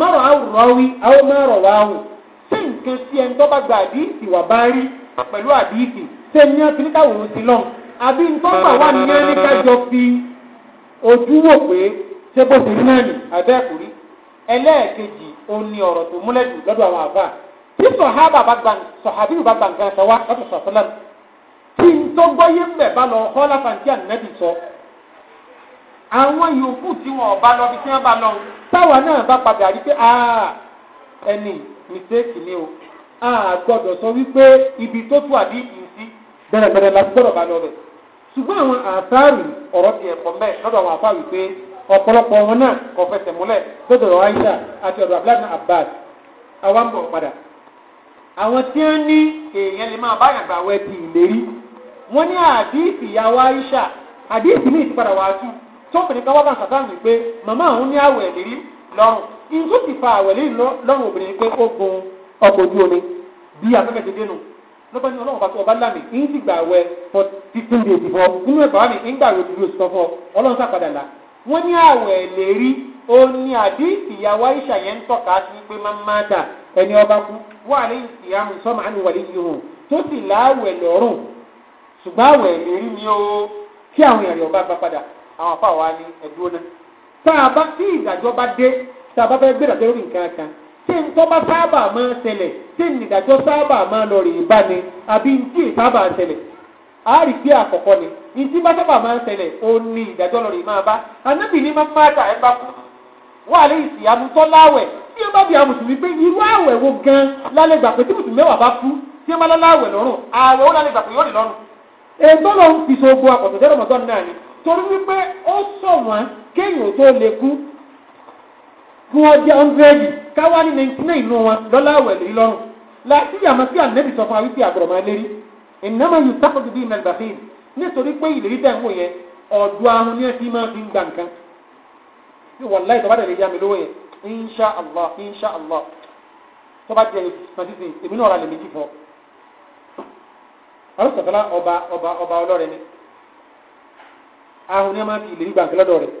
A: ma ra'ahu rawi aw ma rawahu ṣé nǹkan sí ẹni tó bá gba àdìsí wà bá rí pẹ̀lú àdìsí ṣé ní ọtí níkàwòrán sí lọ́hùn àbí ntọ́gbà wà nìyẹn ní kájọ fi ojú wò pé ṣé bó ti rí náà nì abẹ́ ẹ̀kúrí ẹlẹ́ẹ̀kejì òun ni ọ̀rọ̀ tó múlẹ̀ jù lọ́dọ̀ àwọn àbá tí sọ̀hábà bá gbà sọ̀hábìrì bá gbà nǹkan ṣọwá lọ́dọ̀ sọ̀tọ́lẹ́nu tí ntọ́gbọ́yé mbẹ̀ bá lọ ọ̀họ́ láfàǹtí ànínẹ́bì sọ àwọn yòókù tí wọn ọba lọ bí tí wọn bá lọ táwa náà bá padà rí pé ẹni mistake ni o a gbọ́dọ̀ sọ wípé ibi tó tù àbí ì gbẹrẹgbẹrẹ la gbọ́dọ̀ bá lọ bẹ ṣùgbọ́n àwọn àtàrí ọ̀rọ̀ tiẹ̀ pọ̀ mbẹ lọ́dọ̀ àwọn afá wípé ọ̀pọ̀lọpọ̀ wọn náà kò fẹsẹ̀ múlẹ̀ lọ́dọ̀ Aisha àti ọ̀dọ̀ abdullahi na Abbas àwọn ń bọ̀ padà àwọn tí wọ́n ní èèyàn lè máa bá yàgbà àwọ ẹtì ìlérí wọ́n ní àdìsí ìyàwó Aisha àdìsí ní ìtìpadà wàá tú tóbìnrin kan wá bá sàtàn wípé màmá àwọn ní àwẹ̀ ìlérí lọ́rùn ìtúsìfà àwẹ̀ lọ́gbọ́n ní ọlọ́run pàtó ọba lámì ń sì gbà wẹ for fifteen days before nínú ẹ̀bà wà mí ń gbà wẹ́ẹ́ dúró sọ́fọ́ ọlọ́run sàpadà là wọ́n ní àwẹ̀ lè rí o ní àdí ìyàwó àyíṣà yẹn ń tọ́ka sí pé máa ń máa dà ẹni ọba kú wà ní ìyàmù sọ́mà á ní wàlẹ́ yìí hàn tó sì láwẹ̀ lọ́rùn ṣùgbọ́n àwẹ̀ lè ni o kí àwọn èèyàn ọba bá padà àwọn àpá wa ní ẹ̀dúró náà tá a bá tí ìdájọ́ bá dé tá a bá fẹ́ gbé ìdájọ́ lórí nǹkan kan tí nǹkan bá sábà máa ṣẹlẹ̀ tí nìdájọ́ sábà máa lọ rèé bá ni àbí ntí sábà ṣẹlẹ̀ a rí pé àkọ́kọ́ ni ntí bá sábà máa ṣẹlẹ̀ ó ní ìdájọ́ lọ rèé máa bá anábì ní máa máa ta ẹ bá kú wà lè sì amútọ́ láwẹ̀ tí ẹ bá bí amùsùn wípé irú àwẹ̀ wo gan lálẹ́ gbà pé tí mùsùlùmí mẹ́wàá bá kú tí ẹ bá láláwẹ̀ lọ́rùn àwẹ̀ ó lálẹ́ gbà pé yóò rí lọ́rùn ẹgbẹ́ lọ́run fi so gbọ́ àkọ̀tọ̀ jẹ́rọ̀mọ́tọ́ náà ni torí wípé ó sọ kéèyàn tó lè kú fún ọjọ́ ọ̀ndẹ́ẹ̀dì káwá ní nàìjíríà inú wọn lọ́lá àwẹ̀lẹ̀ lọ́rùn láti yàmọ́ sí ànẹ́bì sọ fún àwípé àgbọ̀rọ̀ máa lérí ìnáma yóò sáfọ́dù bíi mẹ́lbàfíìn nítorí pé ìlérí tẹ̀ ń wò yẹn ọ̀dọ̀ ahun ní ẹtí máa fi ń gba nǹkan bí wọ́n láì tọ́ba dẹ̀lẹ̀ yá mi lówó yẹn insha allah insha allah tọ́ba jẹ́ màtísìn èmi náà ra lè méjì fọ́ ọlọ́sọ̀tọ́lá ọba ọba ọba ọlọ́rẹ̀ ni ahun ní ẹ máa fi ìlérí gbàǹkan lọ́dọ̀ rẹ̀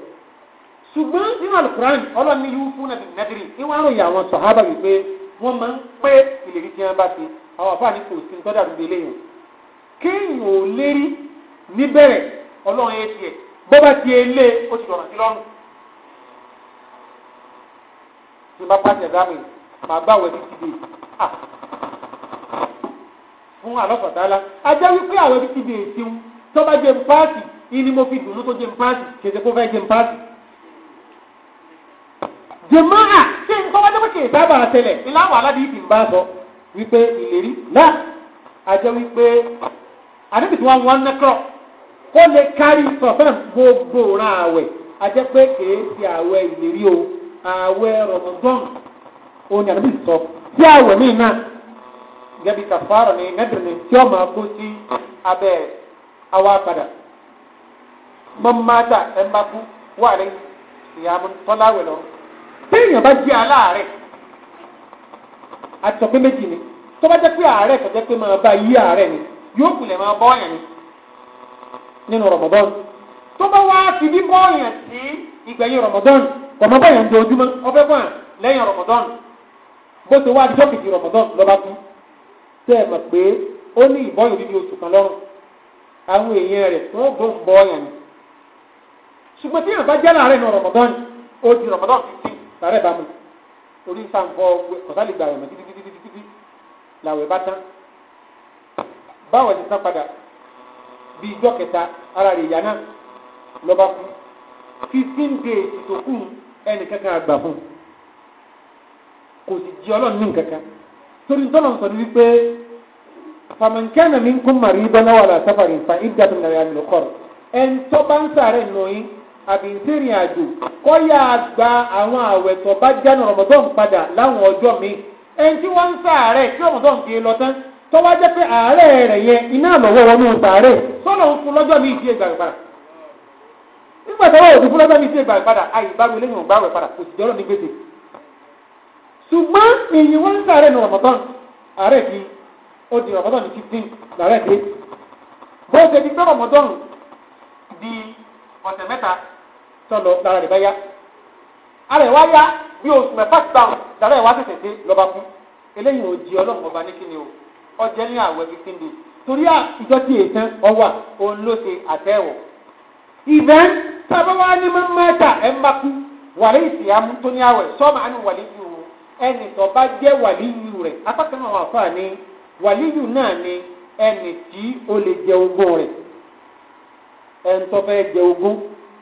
A: ṣùgbọ́n nínú alukuran ọlọ́ni yìí fún nàbì nàdìrì ìwọ́n àròyìn àwọn sọ̀hábà wípé wọ́n máa ń pé ìlérí tí wọ́n bá ti àwọn àfáà ní kò sí tọ́jà tó délé yẹn kéèyàn ò lérí níbẹ̀rẹ̀ ọlọ́run ẹ̀ tiẹ̀ bọ́ bá ti lé ó ti dọ̀rọ̀ sí lọ́rùn. tí n bá pàṣẹ ẹ̀dáàmì màá gbà wẹ̀ títí dé fún àlọ́fọ̀tálá ajá wípé àwọn títí dé èsì tọ́ bá jẹ́ mpáàtì. jẹ̀máà ṣé nǹkan wájú pé kì í sábà ṣẹlẹ̀ ilé àwọn aládìí ìdì ń bá sọ wípé ìlérí náà àjẹ́ wípé àdébìtì wọn wọn nẹ́kọ̀ kó lè kárí gbogbo ra àwẹ̀ àjẹ́ pé kì í ṣe àwẹ̀ ìlérí o àwẹ̀ rọ̀mọ̀dọ́n òun ni
B: àdébìtì sọ sí àwẹ̀ míì náà
A: gẹ́bí kàfàrọ̀ tí ọmọ sí awa padà téèyàn bá jẹ́ aláàárẹ̀ àti ọ̀pẹ méjì ni tó bá jẹ́ pé àárẹ̀ kò jẹ́ pé máa bá yí àárẹ̀ ni yóò kulẹ̀ máa bọ́ ọ̀yàn ni nínú rọ̀mọ̀dọ́n tó bá wá fi bí bọ́ ọ̀yàn sí ìgbẹ̀yìn rọ̀mọ̀dọ́n kọ̀mọ́ bọ̀yàn ń dojúmọ́ ọbẹ̀ bọ̀ lẹ́yìn rọ̀mọ̀dọ́n bó ti wá àdìjọ́ kejì rọ̀mọ̀dọ́n lọ́ba kú tẹ́ ẹ mọ̀ pé ó ní ìbọ́yìn bíbí oṣù kan lọ́rùn àwọn èèyàn rẹ̀ tó bó ń bọ́ ọ̀yàn ni ṣùgbọ́n tí yàrá bá jẹ́ láàárẹ̀ nù rọ̀mọ̀dọ́n ó di rọ̀mọ̀dọ́n fi bàbá ìbámu orí sanfọ kọ̀sálì gbà yàmọ̀ títítítítítí làwẹ̀ bá tán báwọ̀ ti sá padà bí ijọ́ kẹta ara rẹ̀ yá náà lọ́ba kú fifteen days tó kù ẹnì kankan àgbà fún kò sì jí ọlọ́run ní nǹkankan torí ntọ́nà sọ ni wípé fàmìkẹ́nà mi ń kún màrí bọ́lá wà lásàfàrí nfa ìdí àtúndàrí àmì lọ́kọ́rọ̀ ẹ̀ ń tọ́ bá ń sàárẹ̀ nù yín. àbí ń sèrìn àjò kọ́ gba àwọn àwẹ̀ tó bá jáná Ramadan padà láwọn ọjọ́ mi tí wọ́n ń tí fi lọ tán tó wá jẹ́ pé àárẹ̀ rẹ̀ yẹn iná àlọ́wọ́ wọn ní sọ́nà ń fún lọ́jọ́ mi ìdí ìgbà nígbà tó wọ́n ò ti fún lọ́jọ́ mi ìdí lẹ́yìn kò sì jọ́rọ̀ ní gbèsè ṣùgbọ́n sọlọ lára rẹ̀ bá yá ara wá yá bí oṣù mẹ́fà ti báwọn dàrá ẹ̀ wá tètè dé lọ́ba fún eléyìí ò ọba ní kíni o ọjẹ́ ní àwẹ̀ torí ìjọ tí èyí tán ọwà òun ló ṣe àtẹ̀wọ̀ ìbẹ́ tábà wá ní mẹ́ta ẹ̀ ń bá kú wàlẹ́ ìsìyàmú tó ní àwẹ̀ wàlẹ́ yìí o ẹnì tó bá jẹ́ wàlẹ́ yìí rẹ̀ wà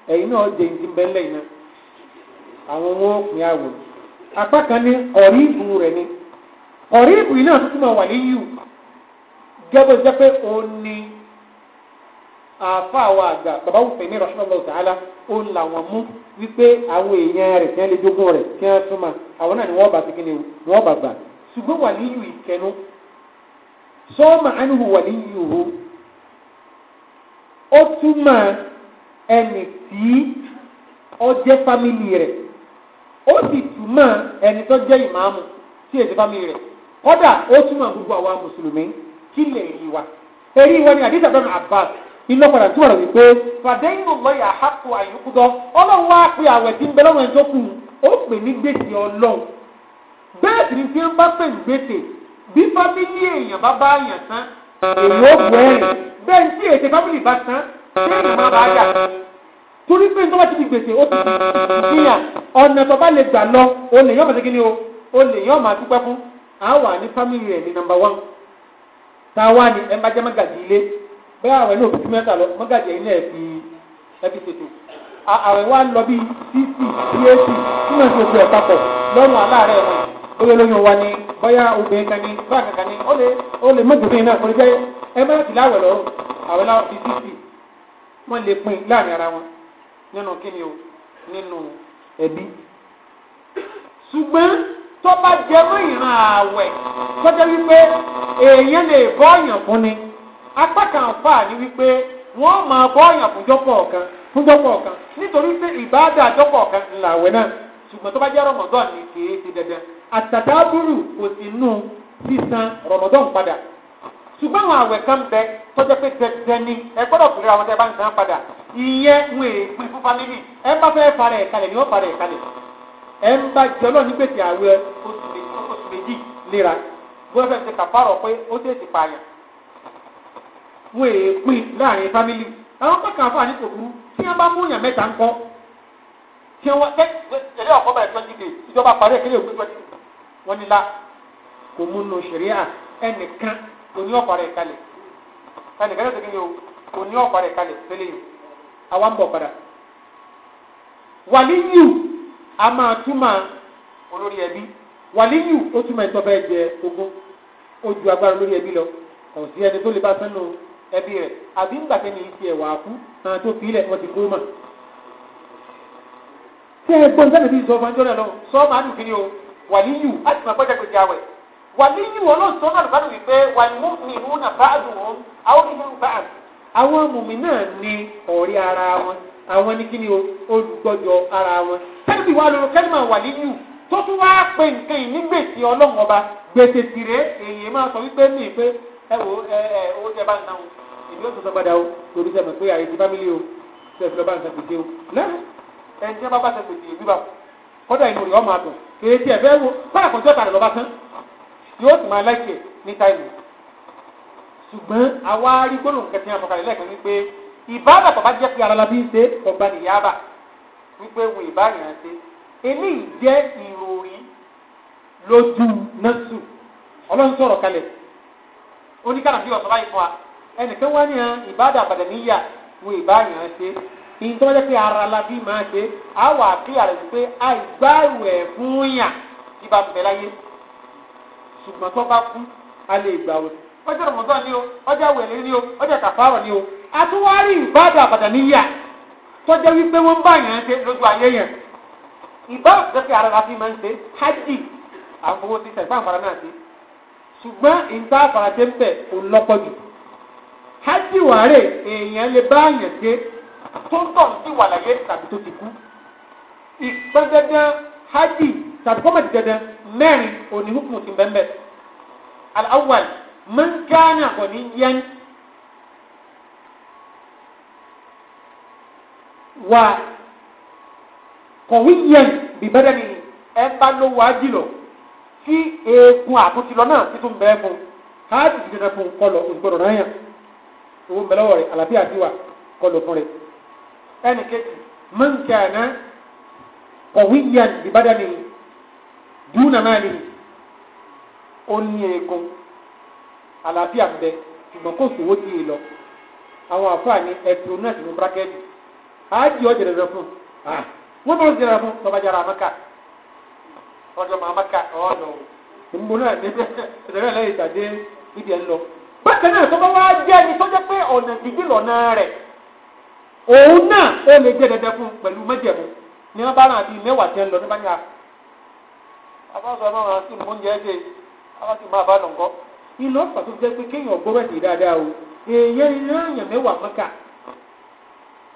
A: ẹ̀yin náà jẹ ìdí bẹ́lẹ̀ iná àwọn wọn ò pín ni apá kan ní ni yìí náà wà ní yù gẹ́gbẹ́ jẹ́ òun ni àfa àwọn àgbà bàbá wùfẹ̀ ní wípé àwọn èèyàn rẹ̀ kí wọ́n lè àwọn náà ni wọ́n bá gbà wà ìkẹnu sọ́ọ́mà ẹnì tí ó jẹ́ fámìlì rẹ̀ ó sì túmọ̀ ẹni tó jẹ́ ìmáàmù tí èsì fámìlì rẹ̀ kódà ó túmọ̀ gbogbo àwa mùsùlùmí kí lè rí wa èrí wọn ni àdìsá dọ́nà Abbas iná padà túmọ̀ rẹ̀ wípé fàdéyìn ló lọ́ọ̀yà àkó àyíkúdọ́ ọlọ́run wá pé àwẹ̀ tí ń bẹ lọ́wọ́ ni tí ń bá pè ní gbèsè bí fámìlì èèyàn bá bá àyàn tán
B: lẹ́yìn ìmọ̀ bá yà
A: torí pé nígbà tí ti gbèsè ó ti yíyàn ọ̀nà tó lè gbà lọ o lè yọ̀ mọ̀tẹ́kí ni o o lè yọ̀ máa dúpẹ́ fún a wà ní fámìlì a ní nàmbà wán a ní jẹ́ mọ́gàjì ilé bẹ́ẹ̀ àwẹ̀ náà mẹ́ta lọ mọ́gàjì fi tètè àwẹ̀ wa lọ bí tí wọ́n ti ẹ̀ papọ̀ aláàárẹ̀ wọn wa ni obìnrin kan ó lè náà kò ní jẹ́ ẹ láwẹ̀ lọ́rùn àwẹ̀ fi wọ́n lè pín láàrin ara wọn nínú kíni o nínú ẹbí. ṣùgbọ́n tó bá jẹ mọ́ ìran ààwẹ̀ tọ́jọ́ wípé èèyàn lè bọ́ ọ̀yàn fún ni apá kan fà ní wípé wọ́n máa bọ́ ọ̀yàn fúnjọ́pọ̀ ọ̀kan fúnjọ́pọ̀ ọ̀kan nítorí pé ìbáàdà àjọpọ̀ ọ̀kan làwẹ̀ náà ṣùgbọ́n tó bá jẹ́ rọmọdọ́ọ̀ ni kì í ṣe dandan àtàdábùrù kò sí nù sísan rọmọdọ́ọ̀ padà ṣùgbọ́n àwọn àwẹ̀ kan bẹ tọ́jọ́ pé tẹ̀tẹ̀ ni ẹ gbọ́dọ̀ pèrè àwọn tẹ́ bá ń san padà ìyẹn ń wèé pín fún fámìlì ẹ bá fẹ́ fara ẹ̀ kalẹ̀ ni wọ́n fara ẹ̀ kalẹ̀ ẹ ń bá jẹ́ ọlọ́ọ̀ni gbèsè àwẹ̀ oṣù méjì léra wọ́n fẹ́ ṣe kàfàrọ̀ pé ó ṣe é ti pààyàn wèé pín láàrin fámìlì àwọn pẹ̀kàn fún àní tòkú tí wọ́n bá múyàn mẹ́ta ńkọ́ tí wọ́n tẹ̀lé ọ̀kọ́ bá ẹ̀ twenty days ìjọba parí ẹ̀ kéde òkú twenty days wọ́n ní la kò múnú ṣẹ̀ríà ẹnìkan oní ọ̀pàrẹ̀ kalẹ̀ kalẹ̀ kalẹ̀ tẹ̀kẹ́ ni o oní ọ̀pàrẹ̀ kalẹ̀ tẹ́lẹ̀ yìí àwa ń bọ̀ padà. wàlíyù a máa túmọ̀ olórí ẹbí wàlíyù ó túmọ̀ ẹ̀tọ́ bẹ́ẹ̀ jẹ ogún ó ju agbára olórí ẹbí lọ kò sí ẹni tó lè bá ẹbí rẹ̀ àbí ń ìfi ẹ̀wà náà tó fi ilẹ̀ wọn ti kó sọ fún wàlíyí wọn ló sọ náà lùbádùn wípé wàlímú mi ìhun náà bá àdùn wọn àwọn ìhun bá àdùn. àwọn mùmí náà ní ọ̀rẹ́ ara wọn àwọn ní kí ni olùgbọ́jọ ara wọn. kẹ́lí wà lóru kẹ́lí máa wàlíyí tó tún wá pé nǹkan yìí nígbèsè ọlọ́run ọba gbèsè tìrẹ èyí máa sọ wípé mi pé ẹ wo ẹ ẹ owó tẹ bá ń náwó èmi ò tún padà o torí sẹ́mi pé àyè ti fámílì o sẹ́mi lọ́ba ń sọ pèsè o lẹ́nu ẹ̀ ń tẹ́ bá bá sọ pèsè ìbí bá kọ́dà ìmọ̀ràn ọmọ àtọ̀ kéde ẹ̀ fẹ́ wo kọ́dà kọ́jọ́ tà yóò sì máa láìpẹ́ ní táìmù ṣùgbọ́n àwa rí gbólóhùn kẹtì náà sọ̀kalẹ̀ lẹ́ẹ̀kan wípé ìbáàdà tó bá jẹ́ pé ara la bí ń ṣe ọgbà nìyá bà wípé wo ìbáàyàn ṣe eléyìí jẹ́ ìròyìn lójú násù ọlọ́run sọ̀rọ̀ kalẹ̀ oníkàrà bí ọ̀sán báyìí fún wa ẹnìkan wá ní ìbáàdà àbàdàn níyà wo ìbáàyàn ṣe ìyìn tó bá jẹ́ pé ara la bí máa ṣe àwọn àbí àrẹ̀ wípé àìgbáwẹ̀ fún yàn kí bá bẹ̀ láyé ṣùgbọ́n tó bá kú a lè gbà wẹ̀ ọjọ́ rọ̀mọ́tọ́ ni o ọjọ́ wẹ̀lẹ́ ni o ọjọ́ kàfárọ̀ ni o àtúwárí ìbádà àbàdà níyà tọ́jọ́ wípé wọ́n bá yàn án ṣe lójú ayé yẹn ìbá òṣìṣẹ́ ara la fi máa ń ṣe hajj àfọwọ́ ti sẹ̀gbọ́n àfàrà náà ṣe ṣùgbọ́n ìta àfàrà ṣe ń bẹ̀ kò lọ́pọ̀ jù hajj wàárẹ̀ èèyàn lè bá yàn ṣe tó ń tọ̀ sí wàlàyé tàbí tó ti kú ìpẹ́dẹ́dẹ́ hajj tàbí kọ́mọ̀ ti dandan mẹ́rin òní hukumu ti bẹ́ẹ̀ bẹ́ẹ̀ al-awwal man kana ghaniyan wa qawiyan bi badanihi ẹ bá lówó hajj lọ tí eegun àtúntìlọ náà ti tún bẹ́ẹ̀ fún hajj ti dandan fún kọlọ òṣùgbọ́dọ̀ náà yàn owó mbẹ́lẹ́wọ̀ rẹ̀ àlàáfíà ti wà kọlọ fún rẹ̀ ẹnì kejì man kana kọ̀wíyàn ìbádàní dúnà máa ní ó ní eegun àlàáfíà ń bẹ ṣùgbọ́n kò sówó tí ì lọ àwọn àfáà ní ẹ̀tùrú náà sínú bírákẹ́tì ájì ọjà rẹ̀ fún ah. Ah. wọ́n bá ọjà rẹ̀ fún tọ́ba jára àmọ́kà ọjọ́ màá mọ́kà ọ̀ọ́nà ìmúbo náà ní ẹ̀dẹ̀rẹ̀ lẹ́yìn ìtàdé ibi ẹ̀ ń lọ. bákan náà tọ́ba wá jẹ́ ẹni tó jẹ́ pé ọ̀nà ìdílọ́nà rẹ̀ òun náà ó lè jẹ́ dandan fún pẹ̀lú mẹ́jẹ̀mú ní a bá rà bíi mẹ́wàá tẹ́ a lọ nígbà yà abáṣọ náà rà sí ìmúnjẹ ẹ̀jẹ̀ abáṣọ máa bá lọ́ngọ́ ilé ọ̀pọ̀ tó jẹ́ pé kéèyàn gbọ́ wẹ̀sì dáadáa o èèyàn ilé èèyàn mẹ́wàá mọ́kà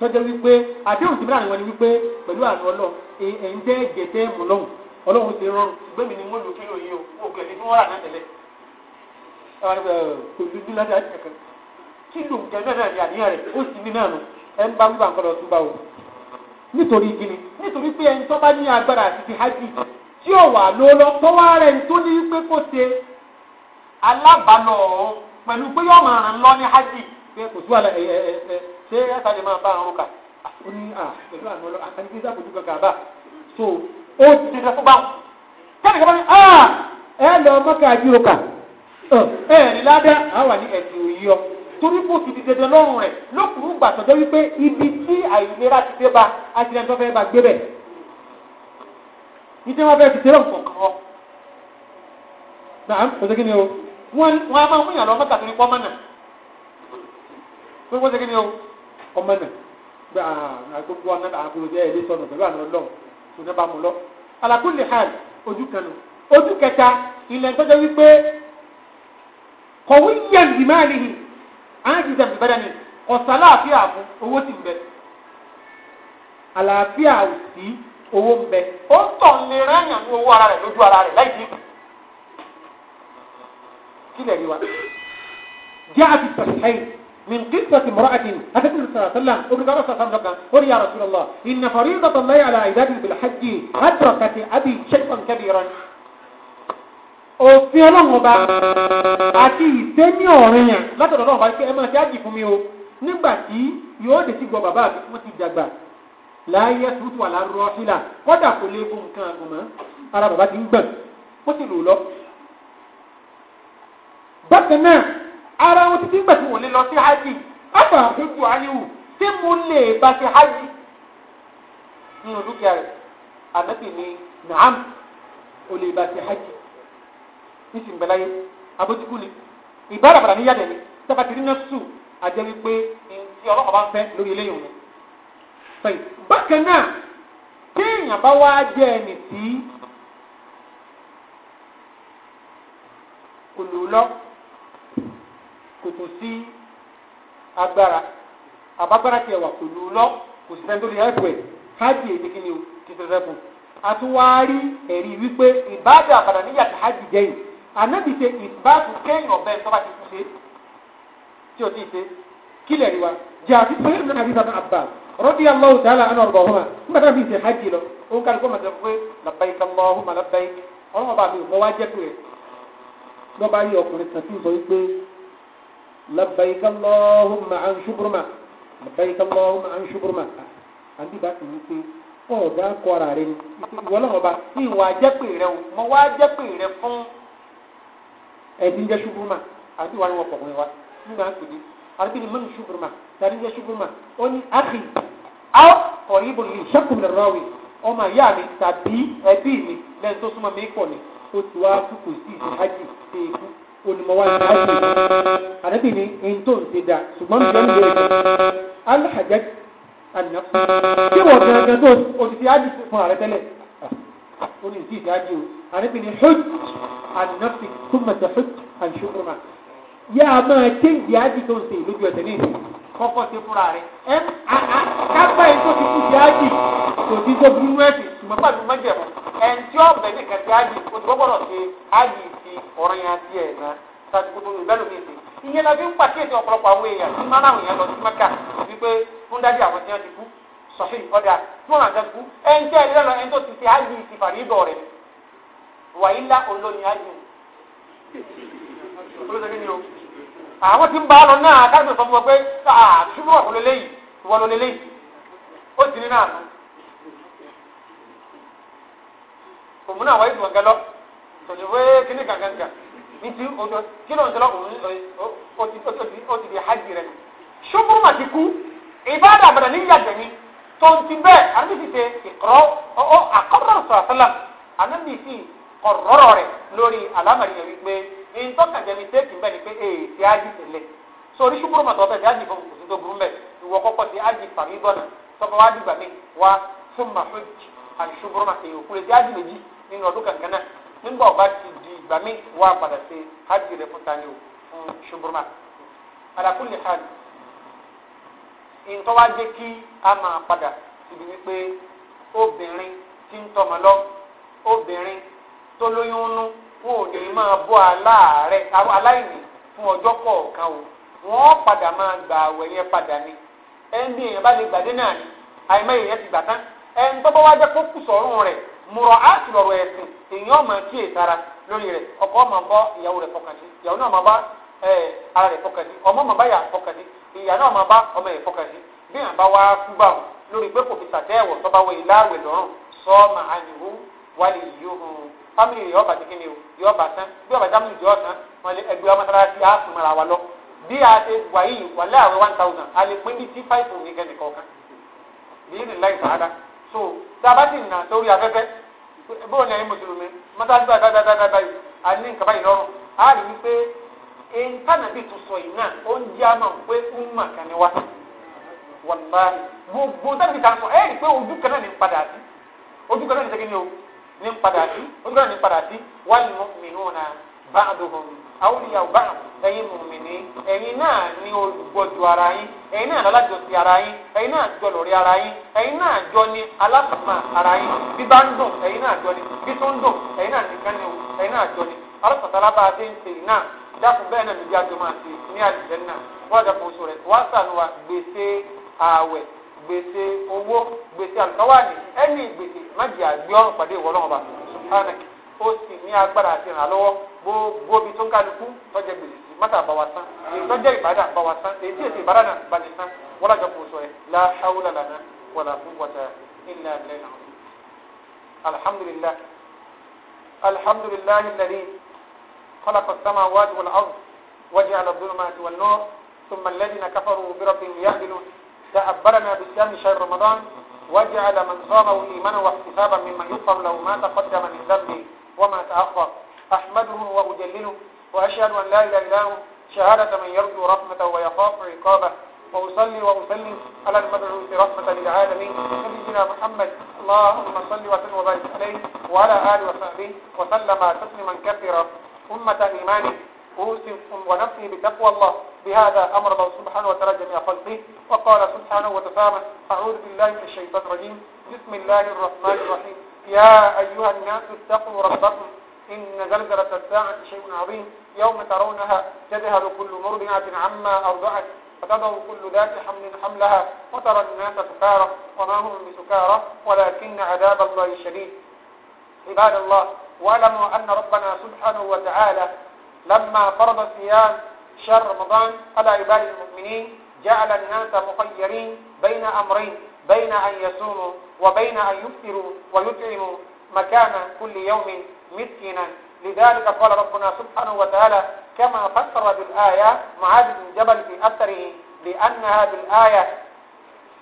A: tọ́jọ́ wípé àdéhùn mìíràn wọn ni wípé pẹ̀lú àánú ọlọ́run jẹ́ mú lọ́hùn ọlọ́run ti rọrùn gbẹ̀mí ni o wọ́n rà náà jẹ́ náà àníyàn rẹ̀ ó sì ní náà nù ẹ̀ ń bá nítorí kíni nítorí pé ẹni tó bá ní agbára àti hajj tí ò wà lọ́lọ́ tó wá rẹ̀ tó ní pé kó ṣe alábàálọ̀ pẹ̀lú pé yóò máa ràn lọ ní hajj pé kò sí àlẹ́ ẹ̀ ẹ̀ ẹ̀ ṣé ẹ̀ta lè máa bá àrùn kà ó ní à pẹ̀lú
B: so ó
A: ti tẹ̀sẹ̀ fún kẹ́ni ẹ lọ mọ́kà torí kò sì ti dẹdẹ lọ́rùn rẹ̀ lókùnrin gbà tọ́jọ́ wípé ibi tí àìlera ti dé ba àtìlẹ́yìn tó fẹ́ bá gbé bẹ̀. ìdí wọn fẹ́ fi tẹ́lẹ̀ nǹkan kan ọ. náà kò sí kí o wọn a máa ń yàn lọ mọ́tà torí pọ́nmọ́ náà pé wọ́n sí kí ni o ọmọ náà gbé àgbógbó ọ̀nà àbúrò jẹ́ ilé sọ̀nà pẹ̀lú àná ọlọ́run tó ní bá mu lọ. àlàkùnlé hàn ojú kan nù ojú kẹta ilẹ̀ tọ́jọ́ wípé kọ̀wé yẹ̀ ń dì ajiza mbadani kwa sala afya yako uwe timbe ala afya usi uwe mbe oto nleranya ni uwe arare من قصة امرأة أتت صلى الله عليه وسلم أبرز الله صلى الله عليه وسلم يا رسول الله إن فريضة الله على عباده بالحج أدركت أبي شيئا كبيرا òfin ọlọ́run ọba àti ìṣe ní ọ̀rìn yàn látọ̀dọ̀ ọlọ́run ọba pé ẹ máa ṣe ájì fún mi o nígbà tí yóò dé sí gbọ́ bàbá àti wọ́n ti dàgbà láyé tuntun wà lárọ́ ìlà kọ́dà kò lè fún nǹkan àgùnmọ́ ara bàbá ti ń gbọ̀n ó sì lò lọ. bákan náà ara wọn ti ti gbà tí wọ́n lè lọ sí hajj afa àfẹ́kù aliwu tí mo lè bá ṣe hajj nínú dúkìá rẹ̀ àbẹ́bí nísì ń bẹ láyé abójúkú ni ìbára bàrà níyàdẹ ni sábà tìrí náà sùn àjẹ wípé tí ọlọ́pàá bá ń fẹ́ lórí eléyìí òun ni. bákan náà téèyàn bá wá jẹ ẹni tí kò lò lọ kò tún sí agbára àbágbára tiẹ̀ wà kò lò lọ kò sí sẹ́ńtò lè ẹ̀fọ́ ẹ̀ hajj èdè ni o kì í ṣe sẹ́fún. a tún wá rí ẹ̀rí ànábì ṣe ìbáàbù kẹ́yìn ọ̀bẹ tọ́ba ti ṣe tí o ti ṣe kílẹ̀ rí wa jẹ́ àti sọ́yìn náà àti sábà àbá radiyallahu ta'ala anhu ọ̀rọ̀ ọ̀hún nígbà tá a fi ṣe hajj lọ òun kàlùkù ọmọ ṣe pé labbaik Allahumma labbaik ọlọ́run ọba mi ò mọ wá jẹ́ pé rẹ̀ lọ́ba rí ọkùnrin kan tí ń sọ wípé labbaik Allahumma an shukruma labbaik Allahumma an shukruma àbí bá ti wípé ọ̀dà kọ́ra rẹ̀ ni ìwọ́lọ́mọba ìwà jẹ́pè rẹ̀ mọ wá jẹ́pè rẹ̀ fún ẹ̀dín jẹ́ ṣubúrúmà àti wà ní wọn pọ̀kùnrin wa nígbà ń pèlè àti ní mọ́nù ṣubúrúmà tàbí jẹ́ ṣubúrúmà ó ní àfi áwọ̀ ọ̀rẹ́ ìbò lè ṣẹ́kùn lè rọ̀wé ọmọ ìyá mi tàbí ẹbí mi lẹ́yìn tó súnmọ́ mi pọ̀ ni ó ti wá kúkú sí ìṣáájì ṣe ikú onímọ̀wá ìṣáájì àdébì ni ẹni tó ń ṣe dà ṣùgbọ́n mi lọ́nà ìbéèrè alhajj àná
B: kí wọ́n gbẹ̀ngàn
A: tó òṣìṣẹ́ àjì fún ààrẹ tẹ́lẹ̀ ó ní o àdébì ni hajj عن نفسك ثم تحك عن شكر ما يا ما كان دي عادي كون سي لو بيو تنين kọ́kọ́ ti fúnra rẹ̀ ẹ́ kápá yìí tó ti kú ti ájì kò ti tó burú ẹ̀sìn ṣùgbọ́n pàdé mọ́jẹ̀mú ẹ̀ǹ tí ọ̀bẹ ní kẹ̀kẹ́ ájì o ti gbọ́dọ̀ ṣe ájì ti ọ̀rọ̀ yẹn ti ẹ̀ náà sáti kó tó lè bẹ́ẹ̀ ló fi ṣe. ìyẹn la fi ń pàkíyèsí ọ̀pọ̀lọpọ̀ àwọn èèyàn tí máa náà yẹn lọ sí mẹ́kà wípé fún dájú àwọn tí wọ́n ti kú sọ̀fìn ọ̀dà tí wọ́n àgbẹ̀ kú ẹ̀ǹ tí ẹ̀ lẹ́nu ẹ̀ǹ tó ti ṣe ájì ti fàrí ìdọ̀ rẹ̀ wàyílá olóyìn ájú olóṣèlú ni o àwọn tí ń bá a lọ náà káàdùn sọ fún wọn pé ṣùgbọ́n wà kó lé léyìí ìwọ ló lé léyìí ó sì ní náà òun náà wáyé ìwọ̀n gẹlọ́ tòjú pé kíní kankanka ní ti ojú kí ló ń sọ lọ́kùnrin ó ti di hajj rẹ̀ ṣùgbọ́n mà kú ìbáàdà àbàdà ní ìyàgbẹ́ ni tó ń ti bẹ́ẹ̀ àdébìsì ṣe ìkọ́ ọ àkọ́rọ̀ sọ̀rọ̀ sọ́lá àdébìsì ọ̀rọ̀rọ̀ rẹ̀ lórí àlámọ̀rí wípé ìtọ́kàjẹ́ mi tẹ́ẹ̀kì ń ni pé èè ti ájì tẹ̀lé sórí ṣubúrú mọ̀tọ́ bẹ̀ ti ájì fún kùsùn tó burú ìwọ kọ́kọ́ ti ájì fàrí gbọ́nà tọ́pọ̀ wá dìgbà mi wá fún mahoj àti ṣubúrú mọ̀ èyí ti ájì méjì nínú ọdún kankan náà nígbà ọba ti di ìgbà mi wá padà sí ájì fún o fún ti ń tọmọ lọ tó lóyún nú wọn ò lè máa bọ́ aláìní fún o padà máa gbà padà ni ẹni bí èèyàn bá lè gbàdé náà ni ti gbà tán wá jẹ́ kó kù sọ̀rùn rẹ̀ mùrọ̀ á sì ẹ̀sìn èèyàn máa kíyè sára lórí rẹ̀ ọkọ máa bọ́ ìyàwó rẹ̀ fọkàn sí ìyàwó náà bá ara rẹ̀ fọkàn sí ọmọ bá yà fọkàn sí náà bá ọmọ yẹn fọkàn sí bí àbá wọn family yọba ti kini o yọba san bí ọba family ti ọsan wọn lé ẹgbẹ́ ọmọdéraṣí àfùmọ̀ra wa lọ bí a ṣe wà yìí wà lé àwẹ̀ one thousand a lè pín bí tí five òun gẹ́gẹ́ nìkan kan bí ní láì sàádà so sábà ti nà sórí afẹ́fẹ́ bó ní ayé mùsùlùmí mọ́tàdé dá báyìí dá báyìí a ní nǹkan báyìí lọ́rùn a rí i pé ntànàbí tó sọ yìí náà ó ń jẹ́ àmọ́ pé ń mà kàn ní wa wàlúwàlú gbogbo sábà ti sàn sọ ẹ̀ẹ́dì pé ojú kan náà ní padà sí ojú kan náà ní sẹ́kẹ́ ní o ní padà sí ojú ọ̀nà ní padà sí wal mu'minuna ba'duhum awliya ba'd ẹ̀yin mùmìnì ẹ̀yin náà ní olùgbọ́jú ara yín ẹ̀yin náà lálájọsí ara yín ẹ̀yin náà jọ lórí ara yín ẹ̀yin náà jọ ní alásùnmọ̀ ara yín bí bá ń dùn ẹ̀yin náà jọ ní bí tó ń dùn ẹ̀yin náà nìkan ní o ẹ̀yin náà jọ ní alásùnmọ̀tàlá bá a dé ń ṣe yìí náà dákun bẹ́ẹ̀ náà ló jẹ́ àti ní àlùjẹ́ náà wọ́n àjọpọ̀ oṣù rẹ̀ wọ́n sàlùwà gbèsè ààwẹ̀ gbèsè owó gbèsè àlùkáwáàní ẹni gbèsè májì àgbé ọrùn pàdé ìwọ ọlọ́run bá sùpánà ó sì ní agbára àti ìrànlọ́wọ́ gbogbo ibi tó ń kálukú tọ́jẹ gbèsè sí mọ́tà bá wa san èyí tọ́jẹ ìbàdà bá wa san èyí tí èsì ìbàdà náà bá wọ́n lájọ kò sọ ẹ̀ la hawla lana wala quwwata illa billah alhamdulillah alhamdulillah alladhi khalaqa as-samawati wal-ard wa ja'ala adh-dhulumati تأبرنا بالسلام شهر رمضان وجعل من صامه إيمانا واحتسابا مما يغفر له ما تقدم من ذنبه وما تأخر أحمده وأجلله وأشهد أن لا إله إلا هو شهادة من يرجو رحمته ويخاف عقابه وأصلي وأسلم على في رحمة للعالمين نبينا محمد اللهم صل وسلم وبارك عليه وعلى آله وصحبه وسلم تسليما كثيرا أمة إيمانه أوصف ونفسي بتقوى الله بهذا أمر الله سبحانه وتعالى جميع خلقه وقال سبحانه وتعالى أعوذ بالله من الشيطان الرجيم بسم الله الرحمن الرحيم يا أيها الناس اتقوا ربكم إن زلزلة الساعة شيء عظيم يوم ترونها تذهب كل مرضعة عما أرضعت فتضع كل ذات حمل حملها وترى الناس سكارى وما هم بسكارى ولكن عذاب الله شديد عباد الله واعلموا أن ربنا سبحانه وتعالى لما فرض صيام شهر رمضان ألا يبالي المؤمنين جعل الناس مخيرين بين أمرين بين أن يصوموا وبين أن يفطروا ويطعموا مكان كل يوم مسكينا لذلك قال ربنا سبحانه وتعالى كما فسر بالآية معاذ بن جبل في أثره لأن هذه الآية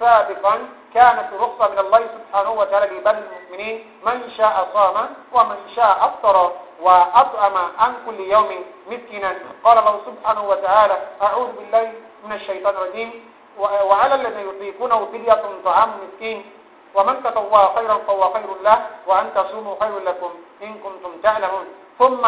A: سابقا كانت رخصة من الله سبحانه وتعالى لبني المؤمنين من شاء صام ومن شاء أفطر وأطعم عن كل يوم مسكنا قال الله سبحانه وتعالى أعوذ بالله من الشيطان الرجيم وعلى الذين يطيقونه فدية طعام مسكين ومن تطوى خيرا فهو خير له وأن تصوموا خير لكم إن كنتم تعلمون ثم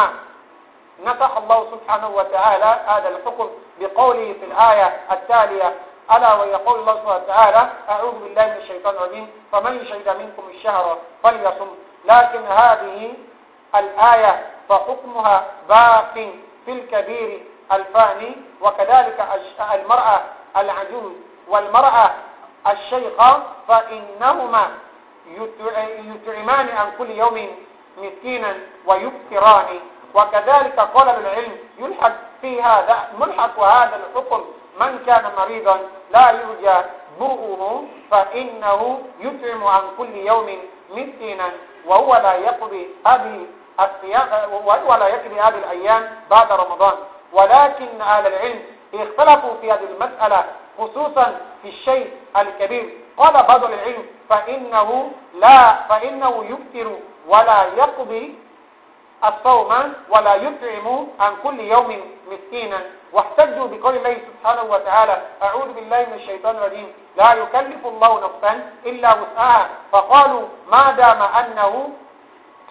A: نصح الله سبحانه وتعالى هذا الحكم بقوله في الآية التالية ألا ويقول الله سبحانه وتعالى أعوذ بالله من الشيطان الرجيم فمن شهد منكم الشهر فليصم لكن هذه الآية فحكمها باق في الكبير الفاني وكذلك المرأة العجوز والمرأة الشيخة فإنهما يطعمان عن كل يوم مسكينا ويبكران وكذلك قال العلم يلحق في هذا ملحق هذا الحكم من كان مريضا لا يرجى برؤه فإنه يطعم عن كل يوم مسكينا وهو لا يقضي هذه الصيام ولا يجري هذه الأيام بعد رمضان ولكن أهل العلم اختلفوا في هذه المسألة خصوصا في الشيء الكبير قال بعض العلم فإنه لا فإنه يكثر ولا يقضي الصوم ولا يطعم عن كل يوم مسكينا واحتجوا بقول الله سبحانه وتعالى أعوذ بالله من الشيطان الرجيم لا يكلف الله نفسا إلا وسعها فقالوا ما دام أنه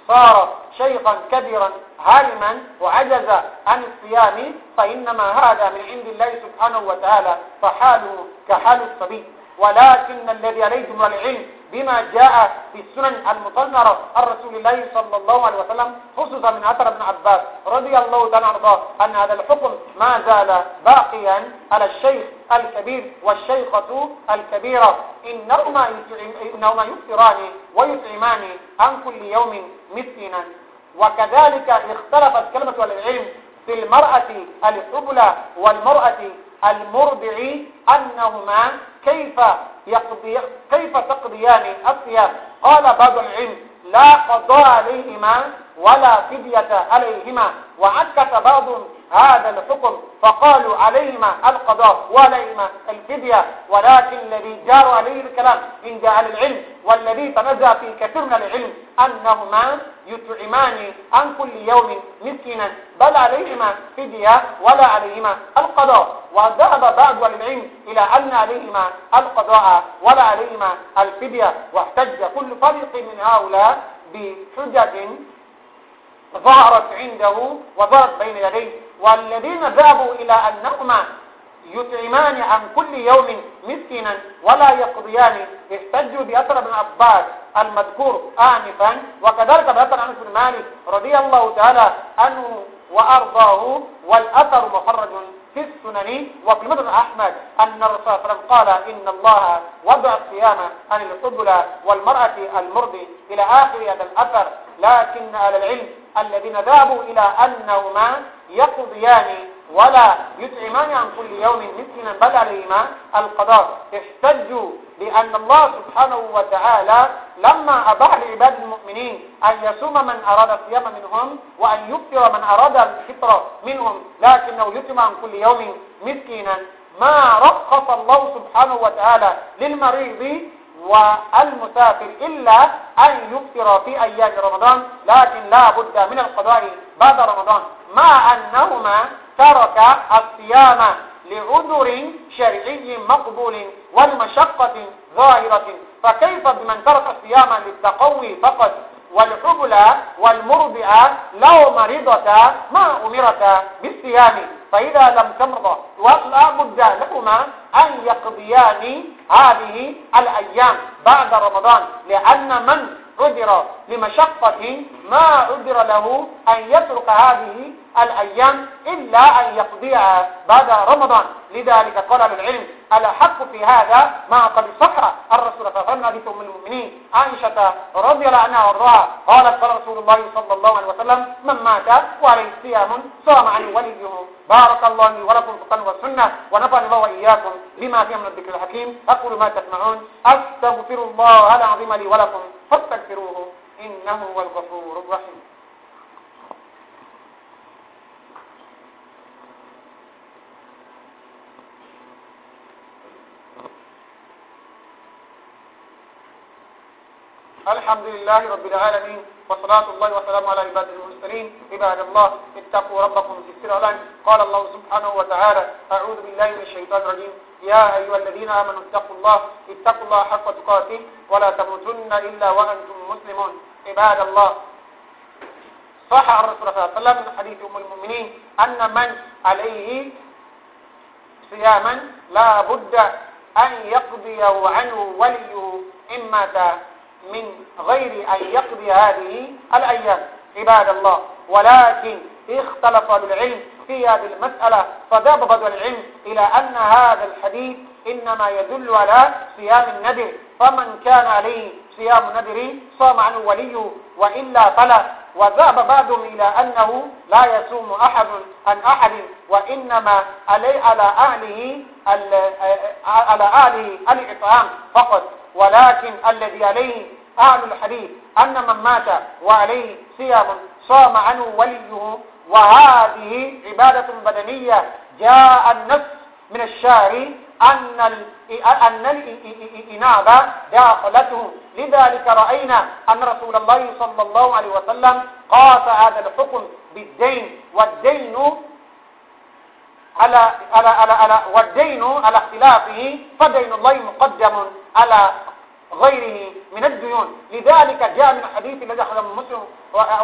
A: صار شيخا كبيرا هارما وعجز عن الصيام فإنما هذا من عند الله سبحانه وتعالى فحاله كحال الصبي ولكن الذي عليهم العلم بما جاء في السنن المطهرة عن رسول الله صلى الله عليه وسلم خصوصا من أثر ابن عباس رضي الله تعالى عنه أن هذا الحكم ما زال باقيا على الشيخ الكبير والشيخة الكبيرة إنهما إنهما يفطران ويطعمان عن كل يوم مسكينا وكذلك اختلفت كلمة العلم في المرأة الحبلى والمرأة المربع أنهما كيف يقضي كيف تقضيان الصيام قال بعض العلم لا قضاء عليهما ولا فدية عليهما وعكس بعض هذا الحكم فقالوا عليهما القضاء وعليهما الفدية ولكن الذي جار عليه الكلام عند أهل العلم والذي تنزع في كثير من العلم أنهما يطعمان عن كل يوم مسكينا بل عليهما فدية ولا عليهما القضاء وذهب بعض العلم إلى أن عليهما القضاء ولا عليهما الفدية واحتج كل فريق من هؤلاء بحجج ظهرت عنده وظهرت بين يديه والذين ذهبوا إلى أنهما يطعمان عن كل يوم مسكينا ولا يقضيان احتجوا بأثر بن عباس المذكور آنفا وكذلك بأثر عن بن مالك رضي الله تعالى عنه وأرضاه والأثر مخرج في السنن وفي مدن أحمد أن الرسول قال إن الله وضع الصيام عن القبلة والمرأة المرضي إلى آخر هذا الأثر لكن أهل العلم الذين ذهبوا إلى أنهما يقضيان ولا يطعمان عن كل يوم مسكنا بل عليهما القضاء احتجوا بأن الله سبحانه وتعالى لما أباح لعباد المؤمنين أن يصوم من أراد الصيام منهم وأن يفطر من أراد الفطر منهم لكنه يطعم عن كل يوم مسكينا ما رخص الله سبحانه وتعالى للمريض والمسافر إلا أن يفطر في أيام رمضان لكن لا بد من القضاء بعد رمضان مع أنهما ترك الصيام لعذر شرعي مقبول ولمشقة ظاهرة فكيف بمن ترك الصيام للتقوي فقط والحبلى والمرضعة لو مرضتا ما أمرتا بالصيام فإذا لم تمرض ولا بد لهما أن يقضيان هذه الأيام بعد رمضان لأن من عذر لمشقة ما عذر له أن يترك هذه الأيام إلا أن يقضيها بعد رمضان لذلك قال العلم الحق في هذا ما قد صح الرسول صلى الله عليه وسلم من المؤمنين عائشة رضي الله عنها وارضاها قالت قال رسول الله صلى الله عليه وسلم من مات وعليه صيام صام عن وليه بارك الله لي ولكم في القرآن والسنة ونفعني الله وإياكم لما فيها من الذكر الحكيم أقول ما تسمعون أستغفر الله العظيم لي ولكم فاستغفروه إنه هو الغفور الرحيم الحمد لله رب العالمين وصلاة الله وسلامه على عباد المرسلين عباد الله اتقوا ربكم في السر قال الله سبحانه وتعالى أعوذ بالله من الشيطان الرجيم يا أيها الذين آمنوا اتقوا الله اتقوا الله حق تقاته ولا تموتن إلا وأنتم مسلمون عباد الله صح الرسول صلى الله عليه وسلم من حديث أم المؤمنين أن من عليه صياما لا بد أن يقضي عنه وليه إن مات من غير أن يقضي هذه الأيام عباد الله ولكن اختلف العلم في هذه المسألة فذهب بعض العلم إلى أن هذا الحديث إنما يدل على صيام النذر فمن كان عليه صيام النذر صام عنه وليه وإلا فلا وذهب بعضهم إلى أنه لا يصوم أحد عن أحد وإنما علي على أهله على أهله الإطعام فقط ولكن الذي عليه أهل الحديث أن من مات وعليه صيام صام عنه وليه وهذه عبادة بدنية جاء النص من الشارع أن أن الإنابة داخلته لذلك رأينا أن رسول الله صلى الله عليه وسلم قاس هذا الحكم بالدين والدين على على على على والدين على اختلافه فدين الله مقدم على غيره من الديون لذلك جاء من الحديث الذي أخرجه مسلم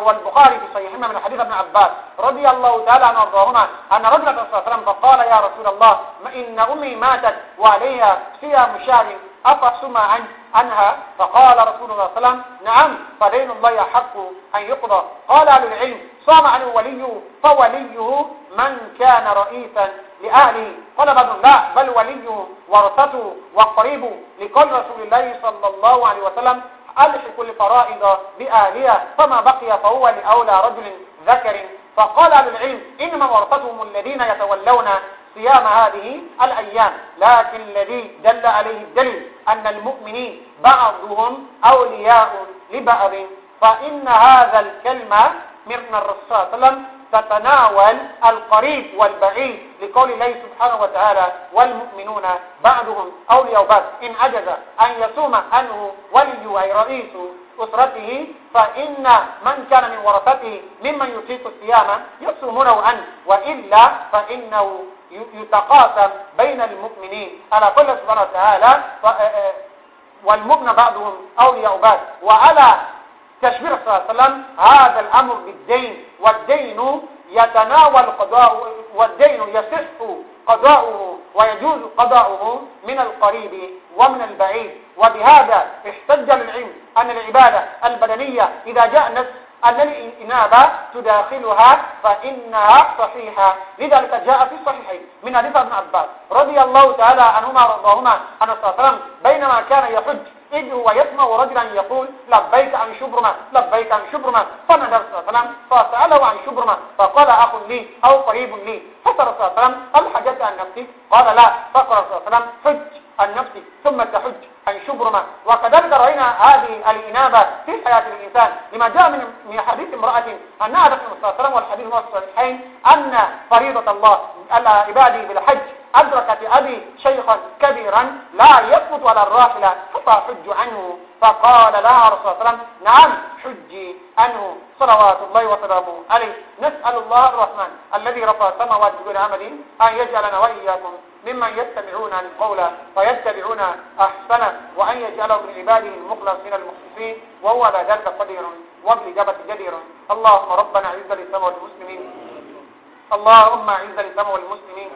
A: والبخاري في صحيحهما من حديث ابن عباس رضي الله تعالى عنه وارضاهما أن رجلا صلى الله عليه وسلم فقال يا رسول الله ما إن أمي ماتت وعليها صيام شهر أفصم عن عنها فقال رسول الله صلى الله عليه وسلم نعم فدين الله حق أن يقضى قال أهل العلم صام عنه وليه فوليه من كان رئيسا لأهله قال بعض لا بل وليه ورثته وقريبه لقول رسول الله صلى الله عليه وسلم ألح كل فرائض بآلية فما بقي فهو لأولى رجل ذكر فقال أهل العلم إنما ورثتهم الذين يتولون صيام هذه الأيام لكن الذي دل عليه الدليل أن المؤمنين بعضهم أولياء لبعض فإن هذا الكلمة من الرسول صلى الله عليه وسلم تتناول القريب والبعيد لقول الله سبحانه وتعالى والمؤمنون بعضهم أولياء بعض إن عجز أن يصوم عنه ولي أي رئيس أسرته فإن من كان من ورثته ممن يطيق الصيام يصومونه عنه وإلا فإنه يتقاسم بين المؤمنين أنا كل سبحانه وتعالى والمبنى بعضهم أولياء بعض وعلى تشبير صلى الله عليه وسلم هذا الأمر بالدين والدين يتناول قضاءه والدين يصح قضاؤه ويجوز قضاؤه من القريب ومن البعيد وبهذا احتج العلم أن العبادة البدنية إذا جاء نفس أن الإنابة تداخلها فإنها صحيحة لذلك جاء في الصحيحين من أبي بن عباس رضي الله تعالى عنهما رضاهما أن صلى بينما كان يحج إذ هو يسمع رجلا يقول لبيك عن شبرمة لبيك عن شبرمة فنهى صلى الله فسأله عن شبرمة فقال أخ لي أو قريب لي فسأل صلى الله عليه وسلم هل حجت عن نفسك قال لا فقرأ صلى الله عليه وسلم حج النفس ثم تحج عن شبرمة وقد وكذلك هنا هذه الإنابة في حياة الإنسان لما جاء من حديث امرأة أن ذكر صلى الله عليه وسلم والحديث هو الصحيحين أن فريضة الله على عباده بالحج أدركت أبي شيخا كبيرا لا يثبت على الراحلة حتى حج عنه فقال لها رسول الله صلى الله عليه وسلم نعم حجي أنه صلوات الله وسلامه عليه نسأل الله الرحمن الذي رفع السماوات بدون عمل أن يجعلنا وإياكم ممن يتبعون القول ويتبعون أحسنه وأن يجعله من عباده المخلصين المخلصين وهو على ذلك قدير وبالإجابة جدير اللهم ربنا أعز الإسلام والمسلمين اللهم أعز الإسلام والمسلمين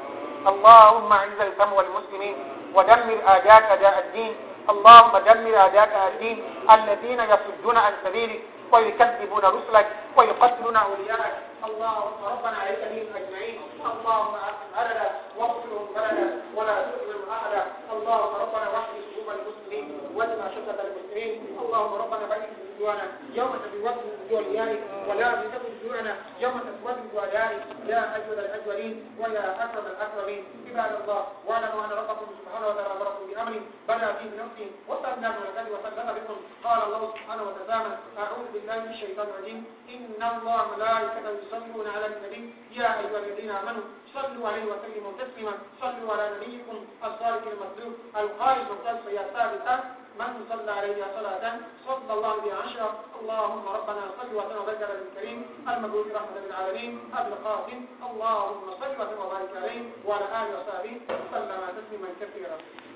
A: اللهم أعز الإسلام والمسلمين ودمر آجاك داء الدين اللهم دمر أعداءنا الدين الذين يصدون عن سبيلك ويكذبون رسلك ويقتلون أولياءك اللهم ربنا عليك بهم اجمعين اللهم احسن اهلنا واغفرهم بلدا ولا تؤمن اهلا اللهم ربنا وحي شعوب المسلمين واسمع شده المسلمين اللهم ربنا بعيد جوعنا يوم تبيض وجوه الياري ولا تزغ جوعنا يوم تسود وجوه الياري يا اجود الاجودين ويا اكرم الاكرمين عباد الله واعلموا ان ربكم سبحانه وتعالى امركم بامر بلى فيه بنفسه وسلمنا من وسلم بكم قال الله سبحانه وتعالى اعوذ بالله من الشيطان الرجيم ان الله ملائكته يصلون على النبي يا أيها الذين آمنوا صلوا عليه وسلموا تسليما صلوا على نبيكم الصالح المصدوق القائد بالقصة يا ثابتة من صلى عليه صلاة صلى الله عليه عشرة اللهم ربنا صل وسلم وبارك على الكريم المبعوث رحمة للعالمين أبي القاسم اللهم صل وسلم وبارك عليه وعلى آله وصحبه سلم تسليما كثيرا